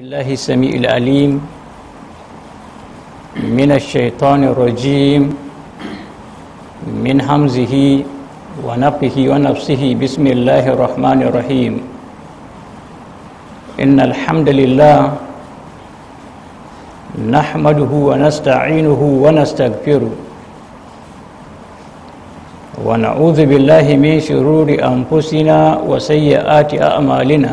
الله السميع العليم من الشيطان الرجيم من همزه ونفه ونفسه بسم الله الرحمن الرحيم إن الحمد لله نحمده ونستعينه ونستغفره ونعوذ بالله من شرور أنفسنا وسيئات أعمالنا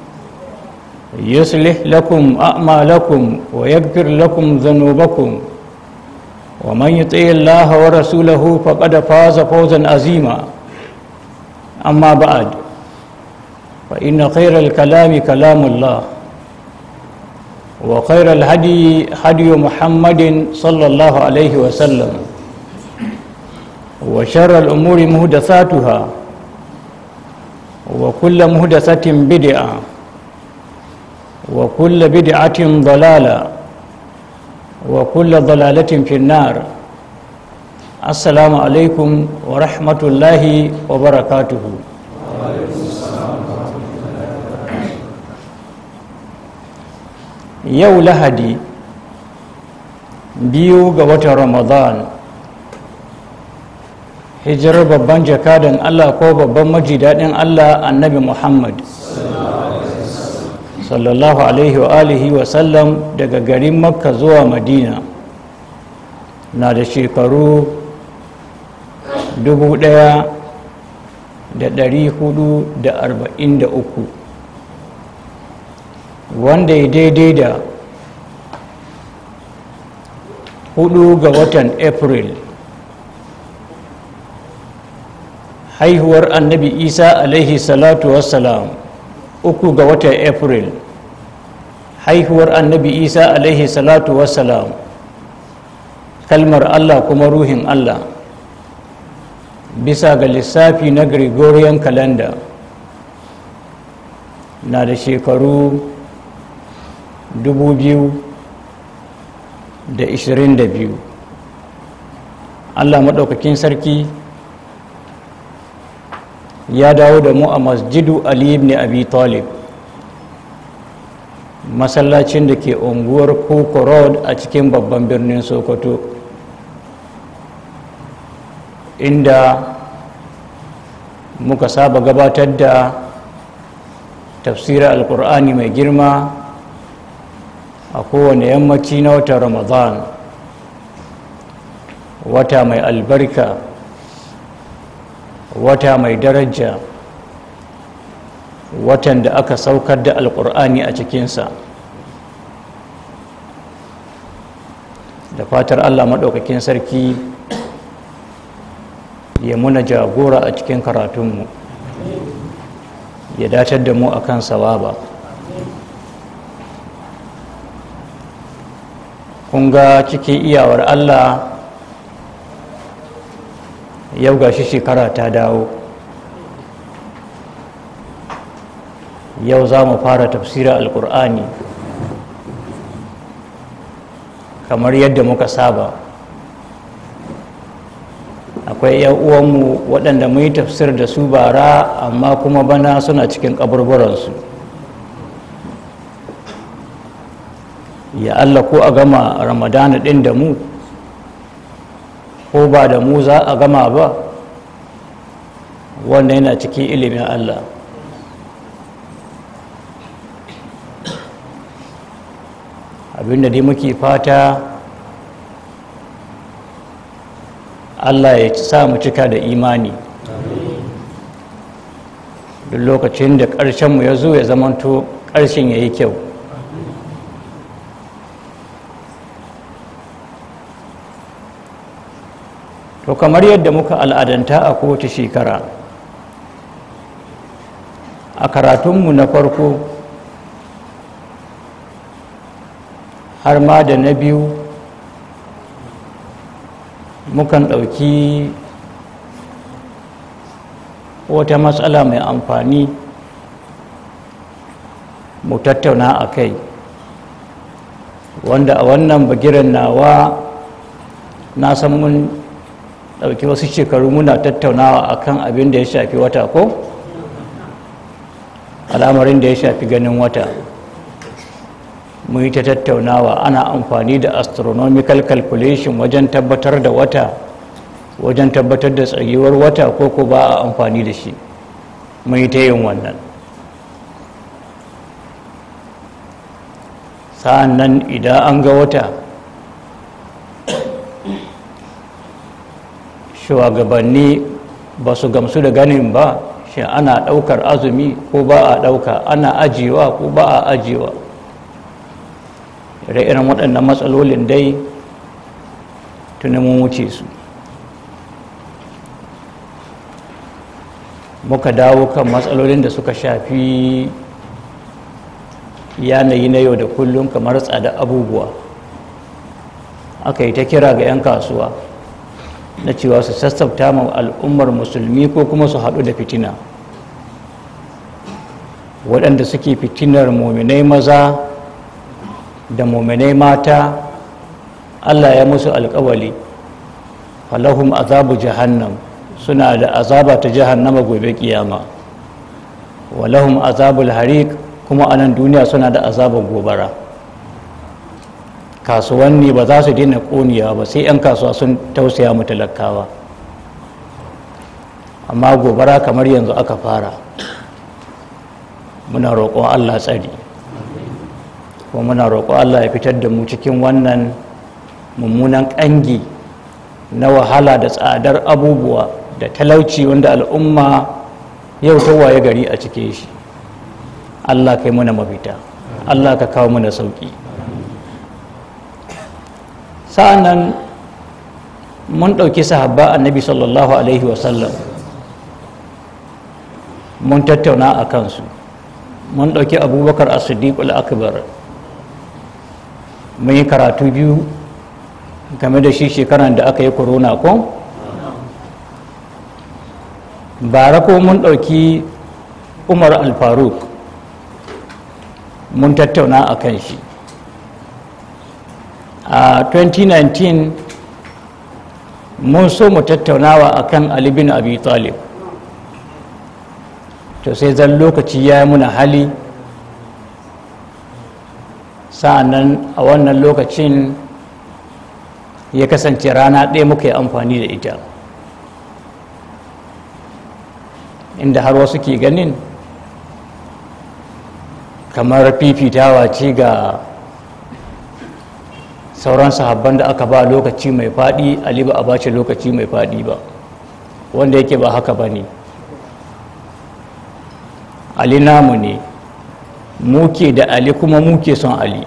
يصلح لكم أعمالكم ويغفر لكم ذنوبكم ومن يطع الله ورسوله فقد فاز فوزا عظيما أما بعد فإن خير الكلام كلام الله وخير الهدي هدي محمد صلى الله عليه وسلم وشر الأمور مهدثاتها وكل مهدثة بدعة وكل بدعة ضلالة وكل ضلالة في النار السلام عليكم ورحمة الله وبركاته yau lahadi biyu ga watan ramadan hijirar babban jakadan allah ko babban maji daɗin allah annabi muhammad sallallahu alaihi wa alihi wa sallam daga garin makka zuwa madina na da shekaru 1443 wanda ya daidai da 4 ga watan april haihuwar annabi isa alaihi salatu wassalam uku ga watan april haihuwar annabi isa alaihi salatu wassalam kalmar allah kuma ruhin allah bisa ga lissafi na gregorian calendar na da shekaru da 2022 allah maɗaukakin sarki ya dawo da mu a masjidu ali ibn abi talib masallacin da ke unguwar Koko road a cikin babban birnin sokoto inda muka saba gabatar da tafsirar alkur'ani mai girma a kowane yammaci na watan ramadan wata mai albarka wata mai daraja watan da aka saukar da Alƙur'ani a cikinsa da fatar allah maɗaukakin sarki ya muna jagora a cikin karatunmu ya datar da mu akan sawaba kun ga cikin iyawar allah yau gashi shekara ta dawo yau za mu fara tafsirar alkur'ani kamar yadda muka saba akwai yan uwanmu waɗanda mun yi tafsir da su bara amma kuma bana suna cikin ƙaburburansu ya allah ko a gama ramadana ɗin da mu ko ba da mu za a gama ba wanda yana cikin ilimin allah abinda dai muke fata allah ya sa mu cika da imani duk lokacin da ƙarshenmu ya zo ya zamanto ƙarshen ya yi kyau to kamar yadda muka al'adanta a kowace shekara a karatunmu na farko har ma da na biyu mukan ɗauki wata matsala mai amfani mu tattauna a kai wanda a wannan bagiran nawa na san mun ɗauki wasu shekaru muna tattaunawa a kan abin da ya shafi wata ko al'amarin da ya shafi ganin wata mun yi ta tattaunawa ana amfani da astronomical calculation wajen tabbatar da wata wajen tabbatar da tsagewar wata ko ko ba a amfani da shi mun yi ta yin wannan sa'an nan idan an ga wata shugabanni ba su gamsu da ganin ba shi ana ɗaukar azumi ko ba a ɗauka ana ajiyewa ko ba a ajiyewa ire irin waɗannan matsalolin dai tuni mun wuce su muka dawo kan matsalolin da suka shafi yanayi na yau da kullum kamar tsada abubuwa aka yi ta kira ga 'yan kasuwa na cewa su sassafta ma al'ummar musulmi ko kuma su haɗu da fitina waɗanda suke fitinar mominai maza da mominai mata allah ya musu alkawali falahum azabu jahannam suna da azaba ta jahannama gobe kiyama walahum azabul harik kuma anan duniya suna da azabar gobara kasuwanni ba za su dina ƙoniya ba sai 'yan kasuwa sun tausaya mu talakawa amma gobara kamar yanzu aka fara muna roƙon allah tsari kuma muna roƙon allah ya fitar da mu cikin wannan mummunan ƙangi na wahala da tsadar abubuwa da talauci wanda al'umma yau ta waye gari a cike shi allah kai muna mafita allah ka kawo muna sauƙi sa'annan mun ɗauki sahabba annabi sallallahu alaihi wasallam mun tattauna a kansu mun ɗauki abubakar a siddiqul akbar mun yi karatu biyu game da shi shekaran da aka yi corona ko bara ko mun ɗauki umar al-faruk mun tattauna a kan shi a 2019 mun so mu tattaunawa kan ali bin abi talib to sai zan lokaci ya yi muna hali sa'annan a wannan lokacin ya kasance rana ɗaya muka yi amfani da ita inda har wasu ke ganin kamar fifitawa ce ga sauran sahabban da aka ba lokaci mai faɗi ali ba a ba lokaci mai faɗi ba wanda yake ba haka ba ne ali namu ne muke da ali kuma muke son ali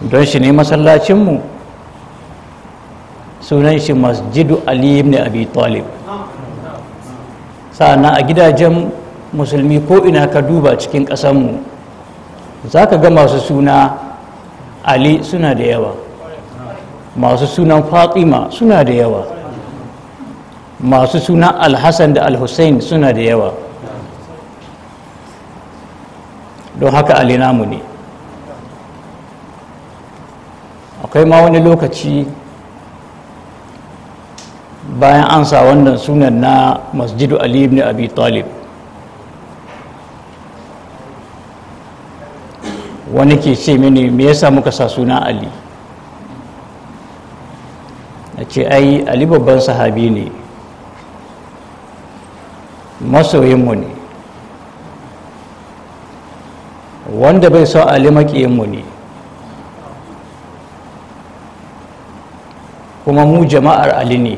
don shi ne masallacinmu sunan shi masjidu ali ibn abi talib a gidajen musulmi ko ina ka duba cikin ƙasanmu za ka ga masu suna ali suna da yawa masu sunan fatima suna da yawa masu sunan alhassan da alhussein suna da yawa don haka ali namu ne akwai ma wani lokaci bayan ansa wannan sunan na masjidu ali ibn abi talib wani ke ce mini me yasa muka sa suna ali na ce ai ali babban sahabi ne masoyinmu ne wanda bai sa ali maƙiyinmu ne kuma mu jama'ar ali ne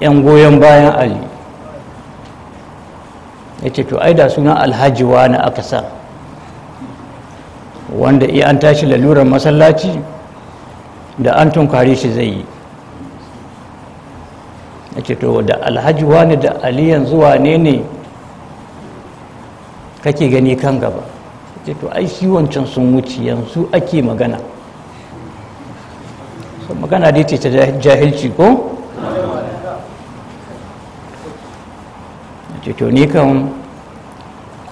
'yan goyon bayan ali ya ce to ai da sunan alhaji wani aka sa wanda iya an tashi lalurar masallaci da an tunkari shi zai yi ya ce to da alhaji wani da aliyan zuwa ne ne kake gani kan gaba ya ce to ai shi wancan sun wuce yanzu ake magana magana dai ce ta jahilci ko to ni kan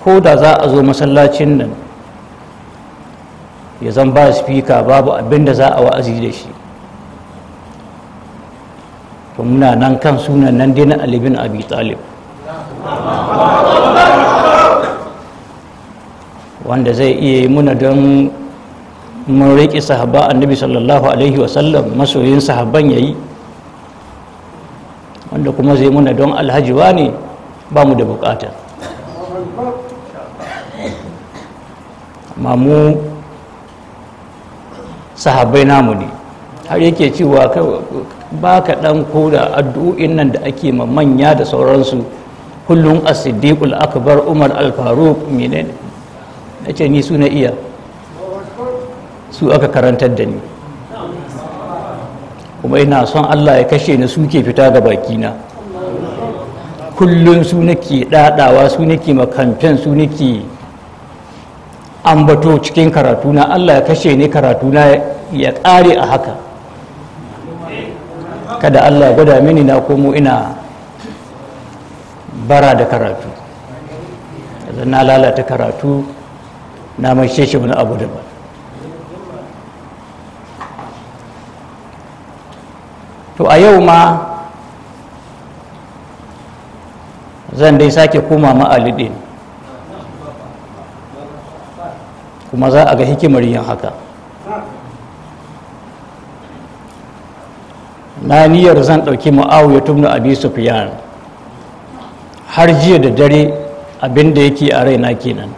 ko da za a zo masallacin nan ya zan ba spika babu abin da za a wa'azi da shi to muna nan kan sunan nan dai na alibin abi talib wanda zai iya yi muna don mun riƙe sahaba annabi sallallahu alaihi wasallam masoyin sahaban yayi yi wanda kuma zai muna don alhaji ne ba mu da bukata mamu sahabai namu ne har yake cewa ba ka dan koda addu'o'in nan da ake ma manya da sauransu kullum asidikul akbar umar alfaru mine ne nace ni su na iya su aka karantar da ni kuma ina son Allah ya kashe ni suke fita ga bakina kullum su nake ɗaɗawa su nake makamfen su nake ambato cikin karatuna allah ya kashe ni karatuna ya ƙare a haka kada allah ya gwada mini na komo ina bara da karatu na lalata karatu na mai sheshe wani abu daban to a yau ma zan dai sake koma ma'alide kuma za a ga hikimar yin haka na niyyar zan ɗauki ya tumna abi sufyan har jiya da dare abinda yake a raina kenan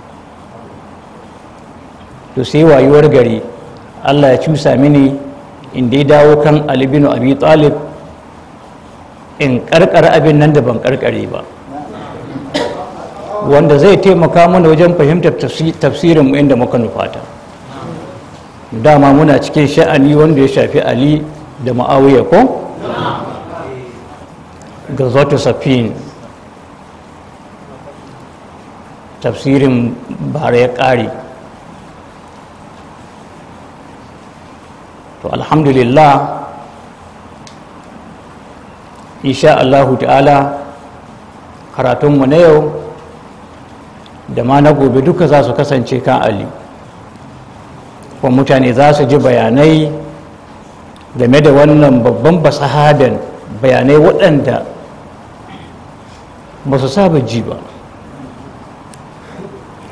to sai wayuwar gari allah ya cusa mini inda ya dawo kan alibinu abi talib in karkar abin nan da ban karkare ba wanda zai taimaka mana wajen fahimtar tafsirin mu inda muka nufata dama muna cikin sha'ani wanda ya shafi ali da ma'awiya ko ga zato safin tafsirin bara ya ƙare to alhamdulillah insha Allahu ta'ala karatunmu na yau da ma na gobe duka za su kasance kan ali kuma mutane za su ji bayanai game da wannan babban basahaben bayanai waɗanda ba su saba ji ba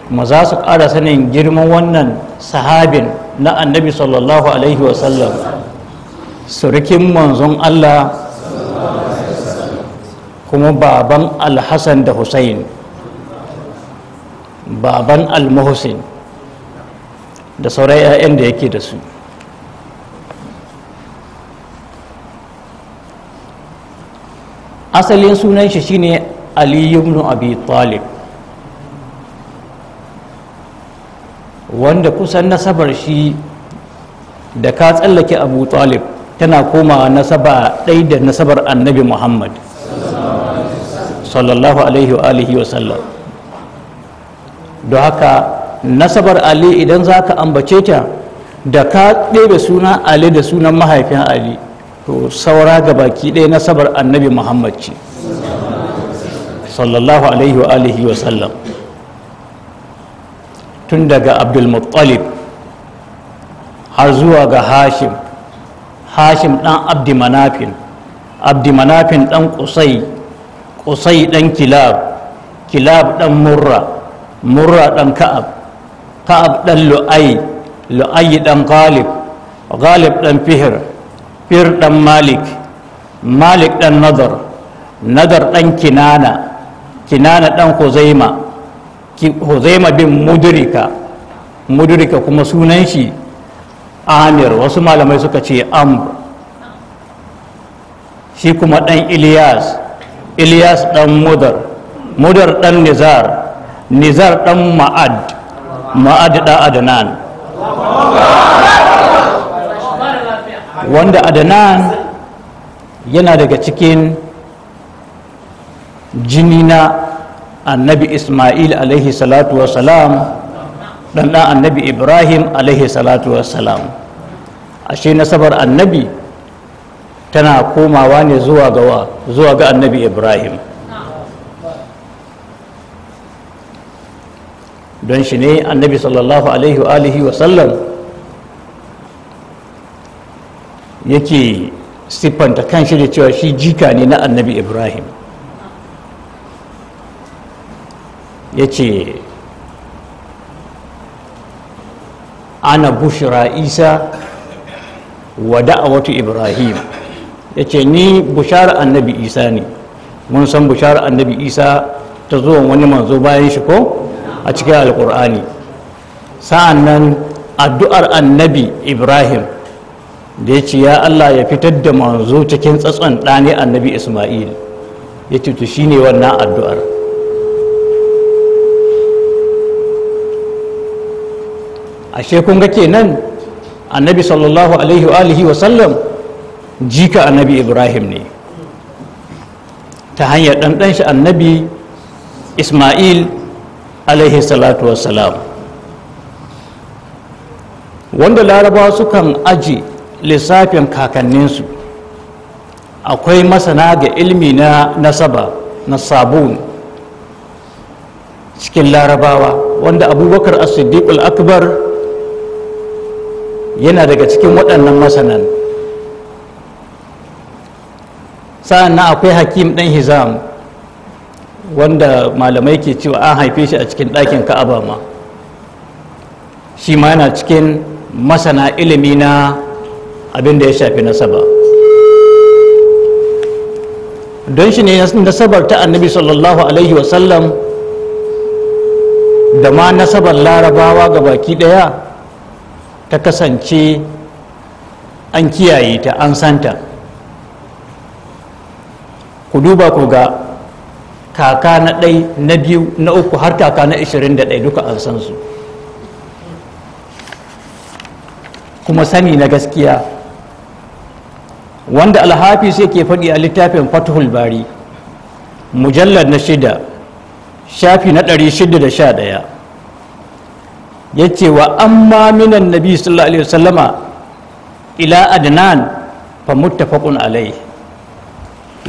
kuma za su ƙara sanin girman wannan sahabin na annabi sallallahu alaihi wasallam surukin manzon allah kuma baban alhassan da hussain baban al-muhsin da sauran 'ya'yan da yake da su asalin sunan shi shine ali ibn abi talib wanda kusan nasabar shi da ka tsallake abu talib tana koma nasaba ɗai da nasabar annabi muhammad sallallahu alaihi wa sallam don haka nasabar ali idan za ka ambace ta da ka ɗebe suna ali da sunan mahaifin ali to saura ga baki ɗaya nasabar annabi muhammad ce sallallahu alaihi wa alihi wa sallam tun daga abdulmuttalib har zuwa ga hashim hashim ɗan abdimanafin abdimanafin ɗan kusai kusai ɗan kilab kilab ɗan murra murra ɗan ka'ab ka'ab ɗan lu'ayi lu'ayi ɗan ghalib ghalib ɗan fihir fihir ɗan malik malik ɗan nadar nadar ɗan kinana kinana ɗan huzaima huzaima bin mudrika mudrika kuma sunan shi amir wasu malamai suka ce amr shi kuma ɗan iliyas ilyas ɗan mudar mudar ɗan nizar nizar ɗan ma'ad ma'ad da adanan wanda adanan yana daga cikin jini na annabi ismail alaihi salatu wasalam ɗan annabi ibrahim alaihi salatu wasalam ashe nasabar annabi tana komawa ne zuwa ga annabi ibrahim don shi ne annabi sallallahu alaihi wa alihi wa sallam yake siffanta kan shi da cewa shi jika ne na annabi ibrahim ya ce ana bushra isa wa da'awatu ibrahim ya ce ni bushara annabi isa ne mun san bushara annabi isa ta zuwan wani manzo bayan shi ko a cikin alkur'ani sa'an nan addu'ar annabi ibrahim da ya ce ya allah ya fitar da manzo cikin tsatson ɗane annabi isma'il ya ce shi ne wannan addu'ar ashe kun ga kenan annabi sallallahu alaihi wa sallam jika annabi ibrahim ne ta hanyar ɗanɗan shi annabi isma'il alaihi salatu salam wanda larabawa sukan aji lissafin kakanninsu akwai masana ga ilmi na nasaba na sabon cikin larabawa wanda abubakar asidikul siddiq akbar yana daga cikin waɗannan masanan sa'an akwai hakim ɗan hizam wanda malamai ke cewa an haife shi a cikin ɗakin ka'aba ma shi ma yana cikin masana ilimi na abin da ya shafi nasaba don shi ne nasabar ta annabi sallallahu alaihi wasallam da ma nasabar larabawa ga baki ɗaya ta kasance an kiyaye ta an santa ku duba ku ga kaka na ɗai na biyu na uku har kaka na ishirin da ɗai duka an san su kuma sani na gaskiya wanda alhafi sai ke faɗi a littafin fatihul bari mujallar na shida shafi na ɗari shida da sha ɗaya ya ce wa amma minan nabi sallallahu alaihi wasallama ila adnan fa muttafaqun alaihi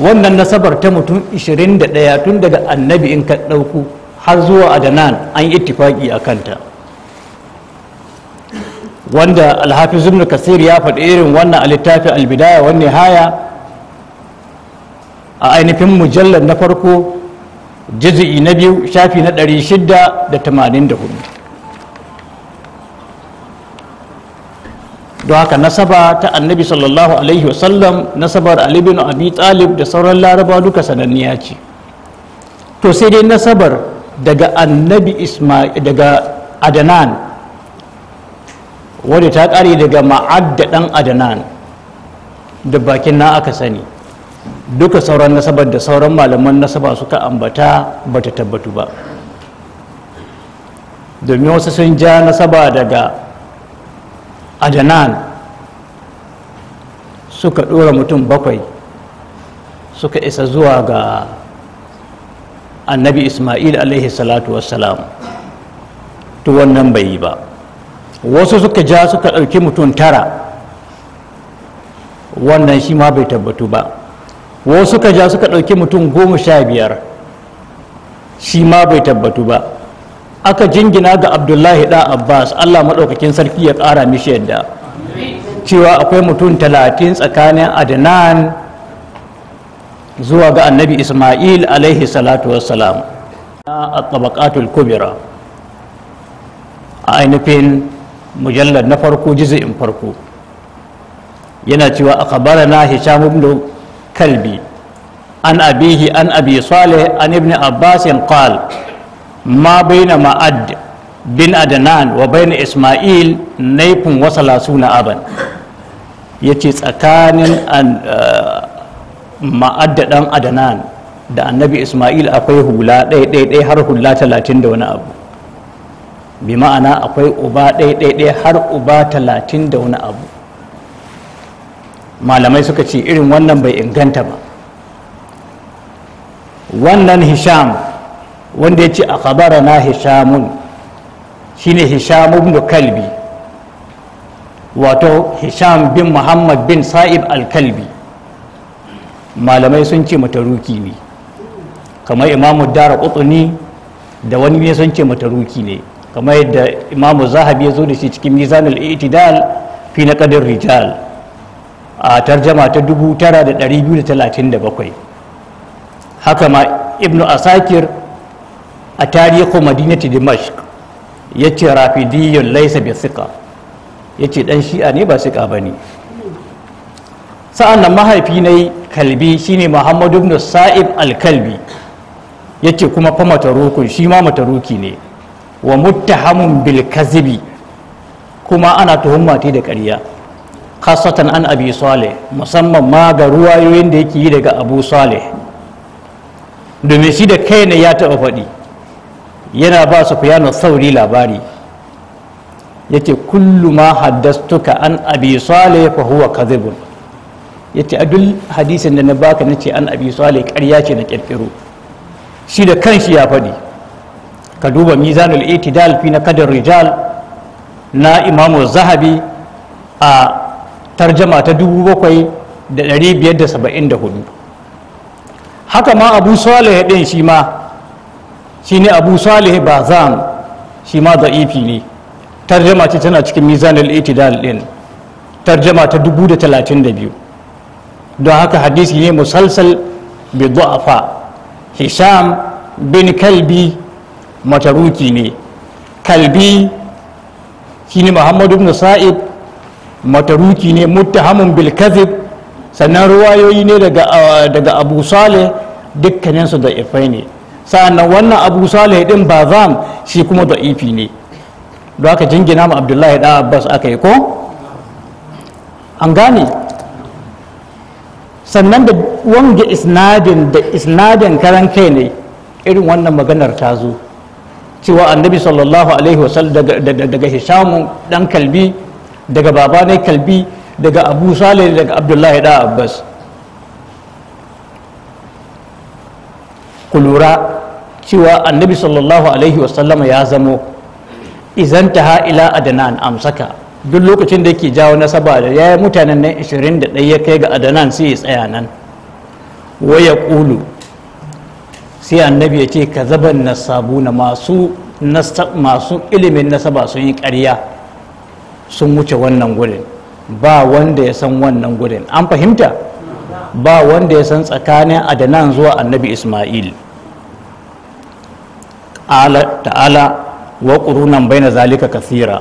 wannan nasabar ta mutum 21 tun daga annabi in ka ɗauku har zuwa adanan an yi ittifaki a kanta wanda alhafi ibn kasir ya faɗi irin wannan a littafin albidaya wani haya a ainihin mujallar na farko jizi'i na biyu shafi na 684 don haka nasaba ta annabi sallallahu alaihi wasallam nasabar ali bin abi talib da sauran laraba duka sananniya ce to sai dai nasabar daga annabi isma'il daga adanan wadda ta kare daga ma'adda dan adanan da bakin na aka sani duka sauran nasabar da sauran malaman nasaba suka ambata bata tabbatu ba domin wasu sun ja nasaba daga adanan suka ɗora mutum bakwai suka isa zuwa ga annabi ismail alaihi salatu wassalam to wannan bai yi ba wasu suka ja suka ɗauki mutum tara wannan shi ma bai tabbatu ba wasu suka ja suka ɗauki mutum goma sha biyar shi ma bai tabbatu ba aka jingina ga abdullahi da abbas allah maɗaukakin sarki ya ƙara mishi yadda cewa akwai mutum talatin tsakanin adnan zuwa ga annabi ismail alaihi salatu wassalam na tabakatul kubira a ainihin mujallar na farko in farko yana cewa a kabara na hisham ibn kalbi an abihi an abi salih an ibn abbas qala ma baina ma'ad bin adnan wa baina isma'il naifin wasala suna aban ya ce tsakanin ma'ad ɗan adnan da annabi isma'il akwai hula ɗaya har hula talatin da wani abu bi ma'ana akwai uba ɗaya har uba talatin da wani abu malamai suka ce irin wannan bai inganta ba wannan hisham wanda ya ce a khabara na hishamun shine hishamun da kalbi wato hisham bin muhammad bin sa'ib al-kalbi malamai sun ce mataruki ne kamar imamu dara kutsuni da wani ne sun ce mataruki ne kamar yadda imamu zahabi ya zo da shi cikin mizanul itidal fi na kadin rijal a tarjama ta bakwai haka ma ibnu asakir a tarihi madinati Dimash ya ce rafidiyyun laisa bi sika ya ce dan shi'a ne ba ka ba ne sa'an nan mahaifi na kalbi shine muhammadu ibn sa'ib al-kalbi ya ce kuma fa matarukun shi ma mataruki ne wa muttahamun bil kazibi kuma ana tuhumma ta da ƙarya khasatan an abi saleh musamman ma ga ruwayoyin da yake yi daga abu saleh domin shi da kai ne ya taɓa faɗi yana ba su fiyano sauri labari yace kullu ma haddastuka an abi salih fa huwa kadhibun yace a duk hadisin da na baka nace an abi salih karya ce na kirkiro shi da kanshi ya faɗi ka duba mizanul itidal fi na kadar rijal na imamu zahabi a tarjama ta da hudu. haka ma abu salih din shi ma shine abu salih bazan shi ma ifi ne tarjama ce tana cikin mizanul itidal din tarjama ta dubu da da talatin biyu don haka hadisi ne musalsal bi du'afa hisham bin kalbi mataruki ne kalbi shine muhammadu ibn sa'id mataruki ne muttahamun bil kadhib sannan ruwayoyi ne daga abu salih dukkaninsu da ifai ne sa'annan wannan abu salih din bazam shi kuma ifi ne don aka jingina ma abdullahi da abbas aka yi ko an gane sannan da wanga isnadin da isnadin karan kai ne irin wannan maganar ta zo cewa annabi sallallahu alaihi wasallam daga hishamu dan kalbi daga baba ne kalbi daga abu salih daga abdullahi da abbas ku cewa annabi sallallahu alaihi wasallama ya zamo izan ta ha'ila adanan amsaka duk lokacin da yake jawo nasaba da ya yi mutanen nan 21 ya kai ga adanan sai ya tsaya nan waya kulu sai annabi ya ce ka zaban nasabu na masu masu ilimin nasaba sun yi ƙarya sun wuce wannan gurin ba wanda ya san wannan gurin an fahimta ba wanda ya san tsakanin adanan zuwa annabi ismail ta'ala wa bai na zalika kasira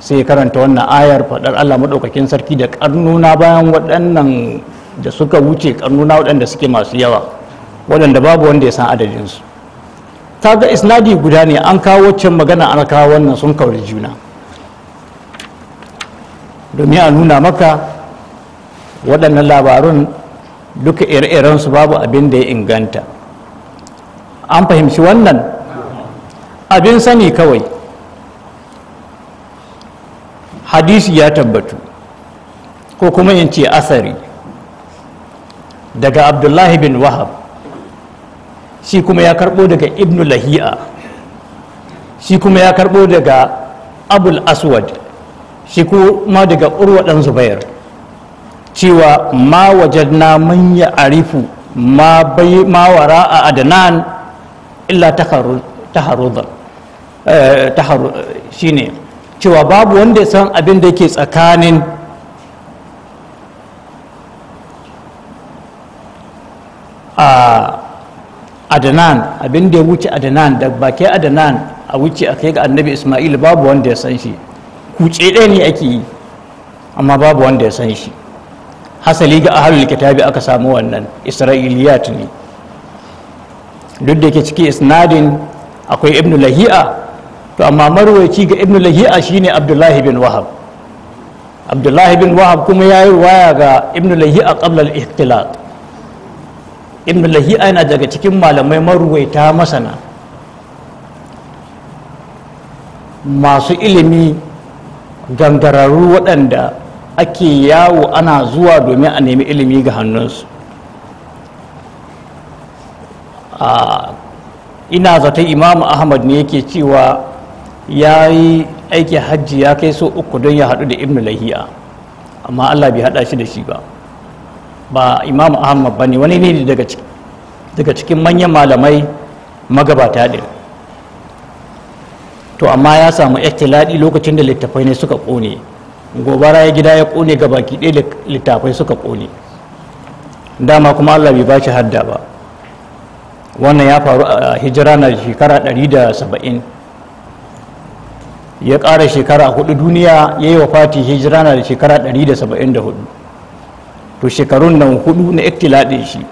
sai karanta wannan ayar faɗar Allah maɗaukakin sarki da karnuna bayan waɗannan da suka wuce karnuna waɗanda suke masu yawa waɗanda babu wanda ya san adadinsu ta ga isnadi guda ne an kawo wacce magana an kawo wannan sun kauri juna domin a nuna maka waɗannan labarun duka ire-irensu babu abin da ya inganta an fahimci wannan abin sani kawai hadisi ya tabbatu ko kuma in ce asari daga abdullahi bin wahab shi kuma ya karbo daga ibnu lahi'a shi kuma ya karbo daga abul aswad shi kuma daga urwadan zubair cewa ma wajen na ya arifu ma bai mawara a adanan illa ta taharudar shi shine cewa babu wanda ya san abin da ke tsakanin adanan abin da ya wuce adanan da baki adanan a wuce a kai ga annabi ismail babu wanda ya san shi kuce ɗaya ne ake yi amma babu wanda ya san shi hasali ga ahalul kitabi aka samu wannan isra'iliyat ne duk da ke ciki isnadin akwai ibnu lahi'a to amma marwaci ga ibn lahi'a shine abdullahi bin wahab abdullahi bin wahab kuma ya yi waya ga ibn lahi'a qabla al ibn lahiya yana daga cikin malamai marwaita masana masu ilimi gangararru waɗanda ake yawo ana zuwa domin a nemi ilimi ga hannunsu ah, ina zaton imamu ahmad ne yake cewa ya yi aiki hajji ya kai so uku don ya haɗu da ibn lahiya amma allah bai haɗa shi da shi ba ba imam ahmad ba ne wani ne daga cikin manyan malamai magabata ɗin to amma ya samu ikhtiladi lokacin da littafai ne suka ƙone gobara ya gida ya ƙone ga baki ɗaya littafai suka ƙone dama kuma allah bai ba shi hadda ba wannan ya faru a hijira na shekara 170 ya ƙara shekara hudu duniya ya yi wa fati hijira na da shekara 174 to shekarun nan hudu na iktilaɗin shi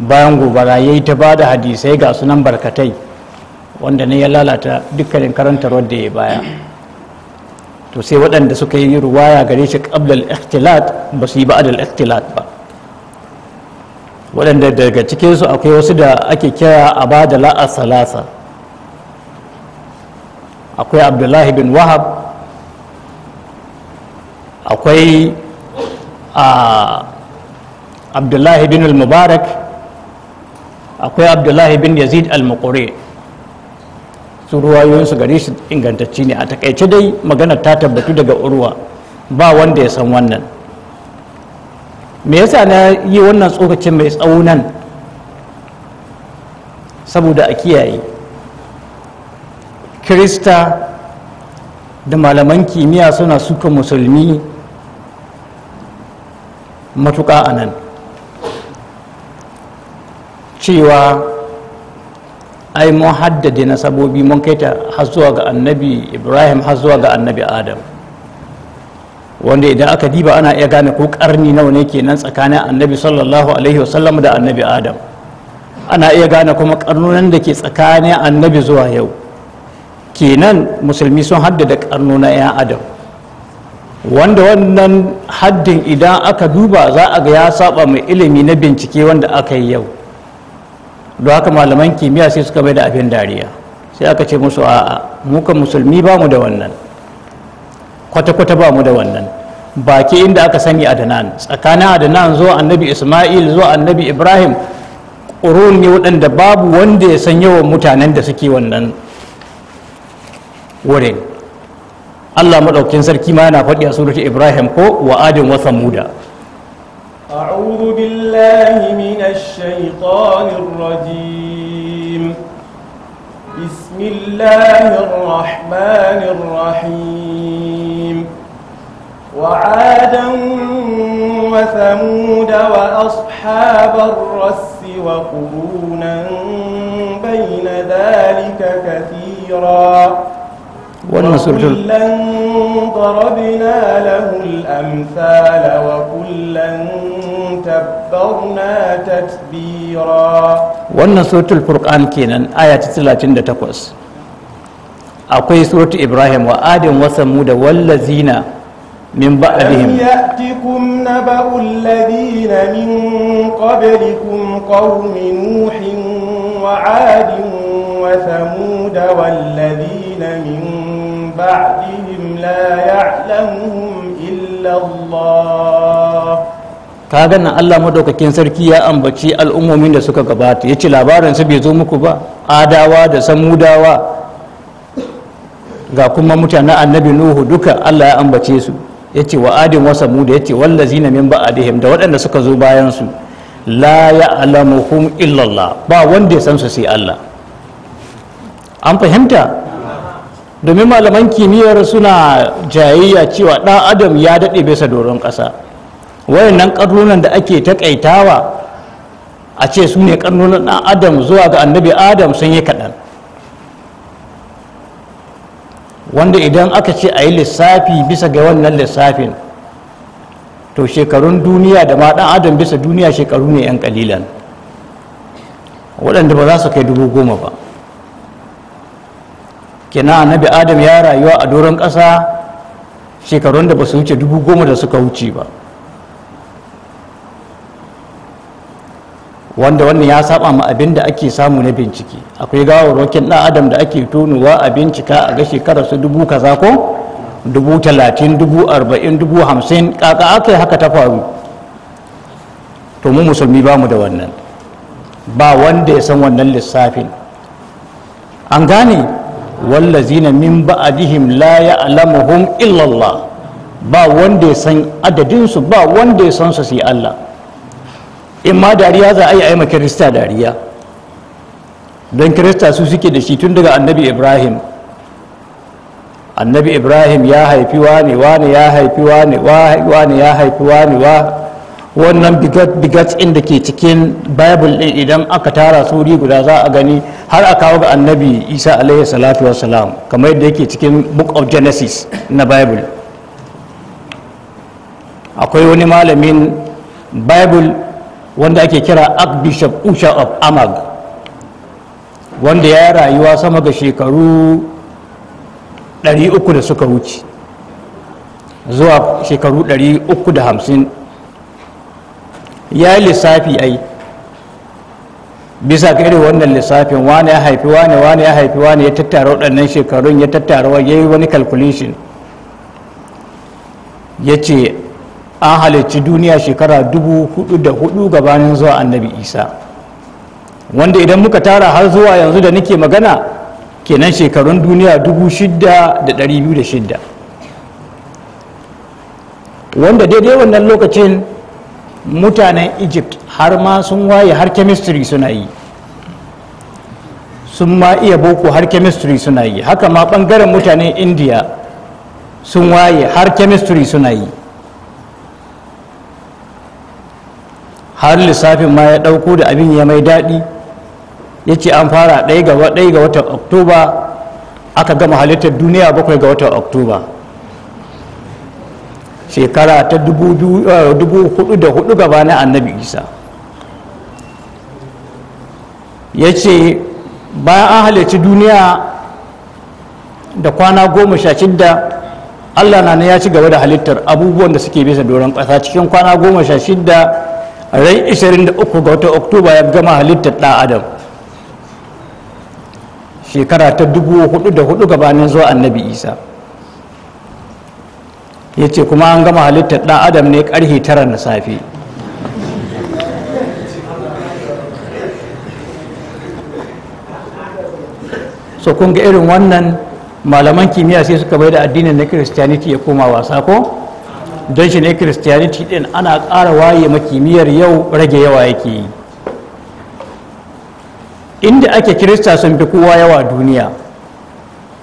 bayan gobara ya yi ta ba da hadisai ga sunan barkatai wanda ne ya lalata dukkanin karantarwar da ya baya to sai waɗanda suka yi ruwaya gare shi ƙablal ikhtilat ba su yi ba adal ikhtilat ba waɗanda daga cikinsu akwai wasu da ake kira a ba da la'asalasa. akwai abdullahi bin wahab akwai abdullahi bin al-mubarak akwai abdullahi bin yazid al-muquri su ruwayoyinsu gare su ingantacci ne a takaice dai magana ta tabbatu daga urwa ba wanda ya san wannan me yasa na yi wannan tsokacin mai tsaunan saboda a kiyaye kirista da malaman kimiyya suna suka musulmi matuƙa a nan cewa ai mun haddade na sabobi mun kai ta har zuwa ga annabi ibrahim har zuwa ga annabi adam wanda idan aka diba ana iya gane ko karni nawa ne kenan tsakanin annabi sallallahu alaihi wasallam da annabi adam ana iya gane kuma karnunan da ke tsakanin annabi zuwa yau kenan musulmi sun haddada karno na 'yan adam wanda wannan haddin idan aka duba za a ga ya saba mai ilimi na bincike wanda aka yi yau don haka malaman kimiyya sai suka mai da abin dariya sai aka ce musu a'a muka musulmi ba mu da wannan kwata-kwata ba mu da wannan baki inda aka sani adanan tsakanin adanan zuwa annabi isma'il zuwa annabi ibrahim ƙurun ne waɗanda babu wanda ya san yawan mutanen da suke wannan wurin Allah madaukin sarki ma yana faɗi a suratu Ibrahim ko wa adin wa samuda أعوذ بالله من الشيطان الرجيم بسم الله الرحمن الرحيم وعادا وثمود وأصحاب الرس وقرونا بين ذلك كثيرا wannan suratul ضربنا له الأمثال وكلا تبرنا تتبيرا wannan suratul furqan kenan aya ta 38 akwai suratul ibrahim wa adin wa samud wallazina min ba'dihim ya'tikum naba'ul ladina min qablikum qaumin nuhin wa adin wa samud wallazina min بعدهم لا يعلمهم إلا الله Allah madaukakin sarki ya ambaci al'ummomin da suka gabata yace labarin su bai zo muku ba adawa da samudawa ga kuma mutanen annabi nuhu duka Allah ya ambace su ya ce wa adin wasa ya ce yace wallazina min ba'dihim da waɗanda suka zo bayan su la ya'lamuhum illallah ba wanda ya san su sai Allah an fahimta domin malaman kimiyyar suna jayayya cewa ɗan adam ya daɗe bisa doron ƙasa wayannan ƙarnunan da ake taƙaitawa a ce su ne ƙarnunan ɗan adam zuwa ga annabi adam sun yi kaɗan wanda idan aka ce a yi lissafi bisa ga wannan lissafin to shekarun duniya da ma ɗan adam bisa duniya shekaru ne 'yan ƙalilan waɗanda ba za su kai dubu goma ba Kina annabi adam ya rayuwa a doron ƙasa shekarun da ba su wuce dubu goma da suka wuce ba wanda wannan ya saba ma abin da ake samu na bincike akwai gawarwakin ɗan adam da ake tonowa a bincika a ga shekarar su dubu kaza ko dubu talatin dubu arba'in dubu hamsin kaka aka yi haka ta faru to mu musulmi ba mu da wannan ba wanda ya san wannan lissafin an gane wallazina min ba'dihim la ya'lamuhum illa Allah ba wanda ya san adadin ba wanda ya san su sai Allah in ma dariya za a yi aima kirista dariya don kirista su suke da shi tun daga annabi ibrahim annabi ibrahim ya haifi wane ya haifi wane ya haifi wa wannan bigat ɗin da ke cikin bible ɗin idan aka tara suri guda za a gani har a kawo ga annabi isa alaihi salatu wasalam kamar yadda yake cikin book of genesis na bible akwai wani malamin bible wanda ake kira archbishop usha of amag wanda ya rayuwa sama ga shekaru 300 da suka wuce zuwa shekaru 350 ya lissafi ai bisa ga irin wannan lissafin wani ya haifi wani wani ya haifi wani ya tattara waɗannan shekarun ya tattara ya yi wani calculation ya ce an halarci duniya shekara dubu hudu da hudu gabanin zuwa annabi isa wanda idan muka tara har zuwa yanzu da nake magana kenan shekarun duniya dubu shida da dari biyu da shidda wanda daidai wannan lokacin mutanen egypt har ma sun waye har chemistry suna yi sun ma iya boko har chemistry suna yi haka ma bangaren mutanen india sun waye har chemistry suna yi har lissafin ma ya ɗauko da abin ya mai daɗi ya ce an fara ɗaya ga watan oktoba aka gama halittar duniya bakwai ga watan oktoba shekara ta eh, hudu gaba na annabi isa ya ce bayan an halarci duniya da kwana goma sha shidda allah na ya ci gaba da halittar abubuwan da suke bisa doron kasa cikin kwana goma sha shidda rai 23 ga wata oktoba ya gama halittar ɗan adam shekara ta hudu gabanin zuwa annabi isa ya ce kuma an gama halittar ɗan adam ne ƙarhe tara na safe so kun ga irin wannan malaman kimiyya sai suka bai da addinin na christianity ya koma wasa ko don shi ne christianity din ana ƙara waye ma kimiyyar yau rage yawa yake yi inda ake kirista sun fi kowa yawa duniya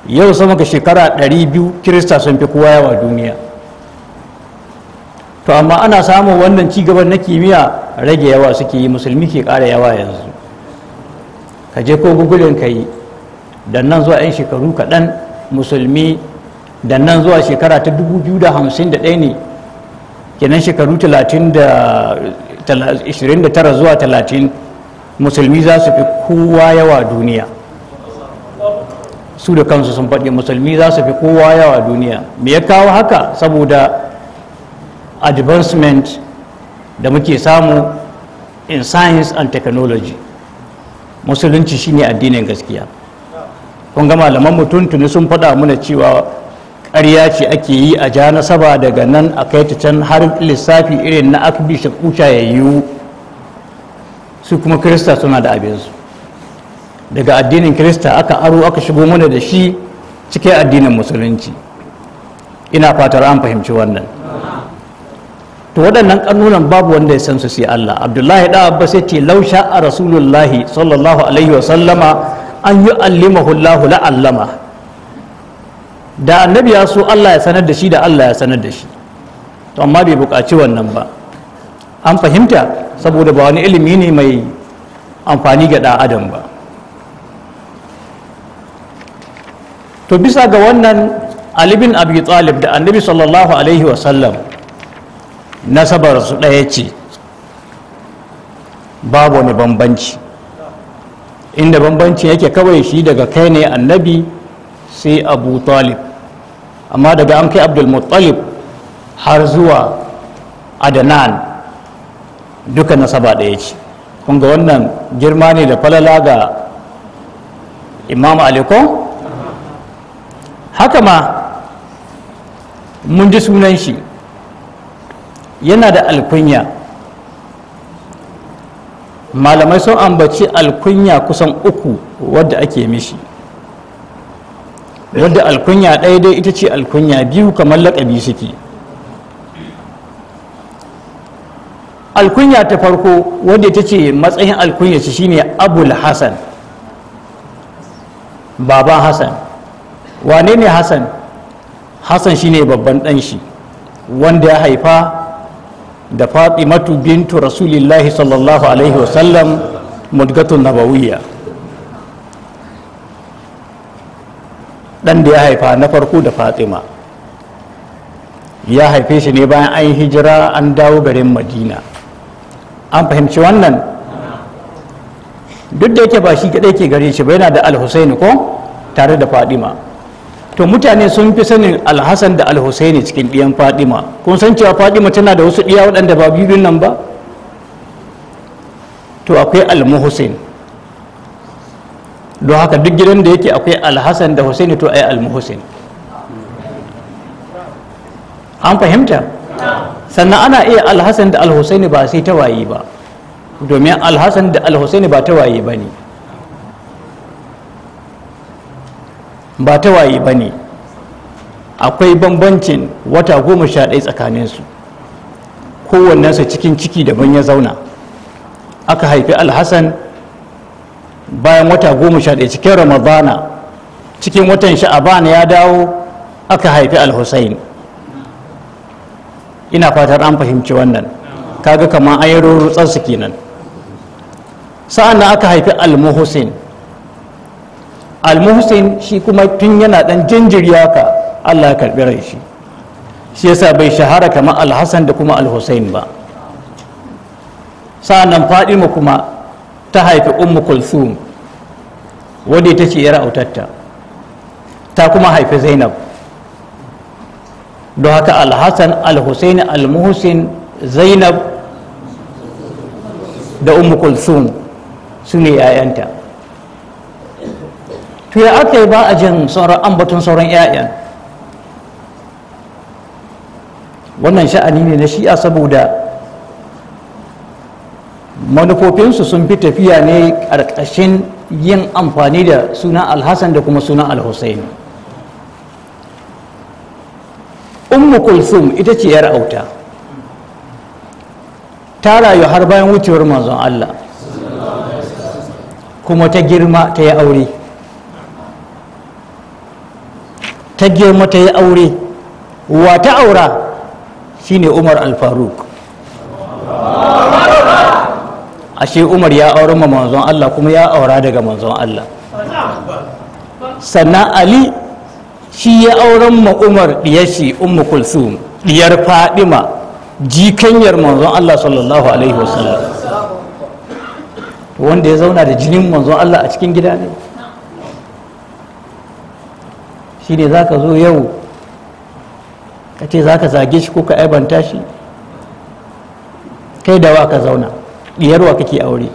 yau sama ga shekara 200 kirista sun fi kowa yawa duniya to amma ana samun wannan ci gaban na kimiyya rage yawa suke yi musulmi ke kara yawa yanzu ka je ko gugulin ka yi da nan zuwa 'yan shekaru kaɗan musulmi da nan zuwa shekara ta 2051 ne kenan shekaru 29 zuwa 30 musulmi za su fi kowa yawa duniya su da kansu sun faɗi musulmi za su fi kowa yawa duniya me ya kawo haka saboda advancement da muke samu in science and technology musulunci shine addinin gaskiya kun ga malaman mutum tuni sun faɗa mana cewa ƙarya ce ake yi a jana saba daga nan a kai ta can har lissafi irin na aka bi ya yiwu su kuma krista suna da abinsu daga addinin krista aka aro aka shigo mana da shi cikin addinin musulunci ina fatar an fahimci wannan to waɗannan ƙannunan babu wanda ya san su sai Allah Abdullahi da Abbas ya ce lausha a Rasulullahi sallallahu alaihi wa sallama an yi allimahu Allah la'allama da annabi ya so Allah ya sanar da shi da Allah ya sanar da shi to amma bai buƙaci wannan ba an fahimta saboda ba wani ilimi ne mai amfani ga ɗan adam ba to bisa ga wannan Ali bin Abi Talib da annabi sallallahu alaihi wa sallam nasabar su ɗaya ce babu wani bambanci inda bambanci yake kawai shi daga kai ne annabi sai abu talib amma daga an kai abdulmuttalib har zuwa adanan duka nasaba ɗaya ce kunga wannan girma ne da falala ga imam aliko haka ma mun ji sunan shi yana da alkunya malamai sun ambaci alkunya kusan uku wadda ake mishi wadda alkunya ɗaya dai ita ce alkunya biyu kamar laƙabi suke alkunya ta farko wadda ita ce matsayin alkunya shi shine abul hasan baban hasan wane ne Hassan hasan shine babban ɗan shi wanda ya haifa da fatimatu bintu rasulillahi sallallahu alaihi wasallam mudgatun nabawiyya Dan da ya haifa na farko da fatima ya haife shi ne bayan an hijira an dawo garin madina an fahimci wannan duk da yake ba shi kadai ke gare shi ba yana da al ko tare da fadima to mutane sun fi sanin alhassan da alhussaini cikin ɗiyan fadima kun san cewa fadima tana da wasu ɗiya waɗanda ba biyu nan ba to akwai almuhussain don haka duk gidan da yake akwai alhassan da hussaini to ai almuhussain an fahimta sannan ana iya alhassan da alhussaini ba sai ta waye ba domin alhassan da alhussaini ba ta waye ba ne ba ta waye ba ne akwai bambancin wata goma sha ɗaya tsakaninsu kowannensa cikin ciki daban ya zauna aka haifi alhassan bayan wata goma sha ɗaya cikin ramadana cikin watan sha'aban ya dawo aka haifi alhussain ina fatan an fahimci wannan kaga kamar an yi rurutsarsu kenan sa'an aka haifi almuhussin almuhsin shi kuma tun yana dan jinjiri haka Allah ya karbi rai shi shi yasa bai shahara kamar alhassan da kuma alhussein ba sa'annan fadima kuma ta haifi ummu kulthum wadda ita ce yar autatta ta kuma haifi zainab don haka alhassan alhussein almuhsin zainab da ummu kulthum su ne 'ya'yanta to ya aka yi ba a jin sauran ambaton sauran 'ya'yan wannan sha'ani ne na shi'a saboda manufofinsu sun fi tafiya ne ƙarƙashin yin amfani da suna alhassan da kuma sunan alhussein ummu kulsum ita ce yar auta ta rayu har bayan wucewar manzon allah kuma ta girma ta yi aure ta girma ta yi aure wa ta aura shine umar alfaruk ashe umar ya aure ma manzon allah kuma ya aura daga manzon allah sannan ali shi ya auren ma umar diyashi ummu kulsum diyar fadima jikanyar manzon allah sallallahu alaihi wasallam wanda ya zauna da jinin manzon allah a cikin gida ne shi ne za ka zo yau ka ce za ka zage shi ko ka aibanta shi kai da wa ka zauna ɗiyarwa kake aure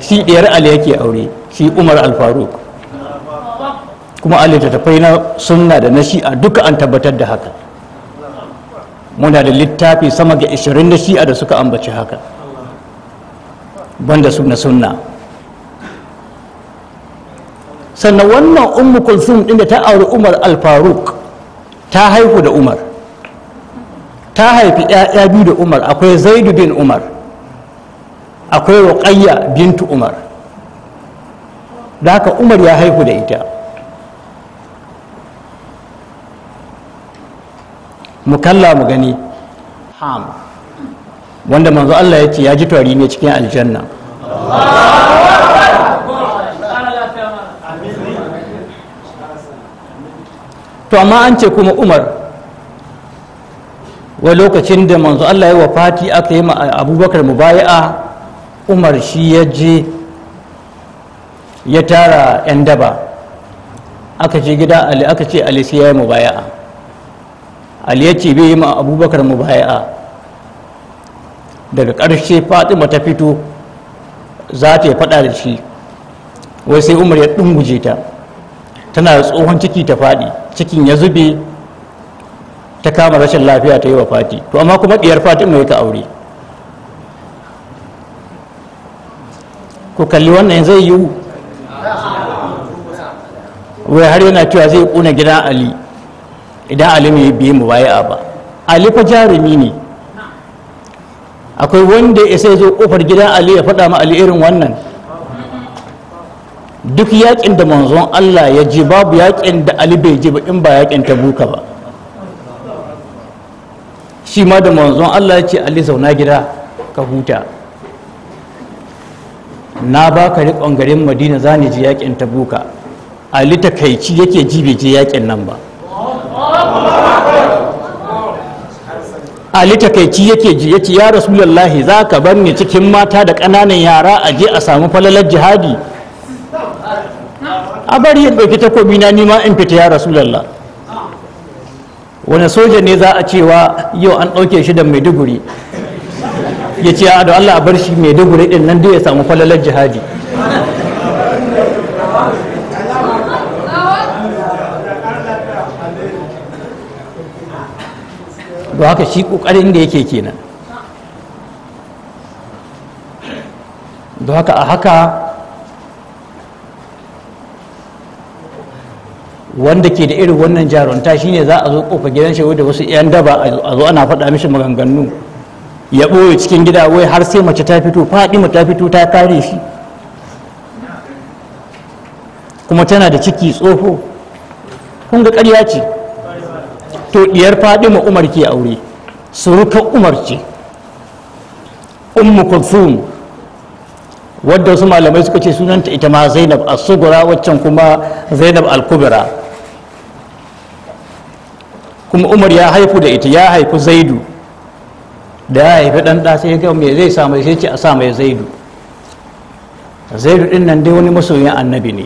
shi ɗiyar ali yake aure shi umar alfaruk kuma a ta tafai na sunna da na shi'a duka an tabbatar da haka muna da littafi sama ga 20 da shi'a da suka ambaci haka banda su na sunna sannan wannan ummu kulsum din da ta auri umar al-faruk ta haihu da umar ta haifi ya biyu da umar akwai zaidu bin umar akwai ruqayya bintu umar da haka umar ya haihu da ita mu kalla mu gani ham wanda manzo Allah ya ce ya ji tori ne cikin aljanna to amma an ce kuma umar wa lokacin da manzo Allah ya wafati aka yi ma abubakar mubaya'a umar shi ya je ya tara 'yan daba aka ce gida ali aka ce ali sai ya yi ali ya ce bai yi ma abubakar mubaya'a daga ƙarshe fatima ta fito za ta yi faɗa da shi wai sai umar ya ɗunguje ta tana da tsohon ciki ta faɗi cikin ya zube ta kama rashin lafiya ta yi wa fati to amma kuma ɗiyar fatin mai ka aure ku kalli wannan zai yiwu wai har yana cewa zai kuna gidan ali idan ali mai biye mu baya ba ali fa jarumi ne akwai wanda ya sai zo kofar gidan ali ya faɗa ma ali irin wannan duk yakin da manzon Allah ya je babu yakin da Ali bai je ba in ba yakin buka ba shi ma da manzon Allah ya ce Ali zauna gida ka huta na baka riƙon garin Madina za ni je yakin buka, Ali takaici yake ji bai je yakin nan ba Ali takaici yake ji ya ce, ya Rasulullahi za ka bar ni cikin mata da ƙananan yara a je a samu falalar jihadi a bari ya ɗauki takobi na nima in fita ya rasu lalla wani soja ne za a cewa yau an ɗauke shi da maiduguri ya ce a da allah a bar shi maiduguri ɗin nan da ya samu falalar jihadi don haka shi ƙoƙarin da yake kenan don haka a haka wanda ke da irin wannan jarunta shine za a zo kofa gidan shi da wasu 'yan daba a zo ana faɗa mishi maganganu ya ɓoye cikin gida wai har sai mace ta fito faɗi ta fito ta kare shi kuma tana da ciki tsoho kun ga ƙarya ce to diyar ma umar ke aure suruka umar ce ummu kulthum wadda wasu malamai suka ce sunanta ita ma zainab as-sughra waccan kuma zainab al-kubra kuma umar ya haifu da ita ya haifu zaidu da ya haifi ɗan ɗa sai ga me zai samu sai ce a sa mai zaidu zaidu ɗin nan dai wani masoyin annabi ne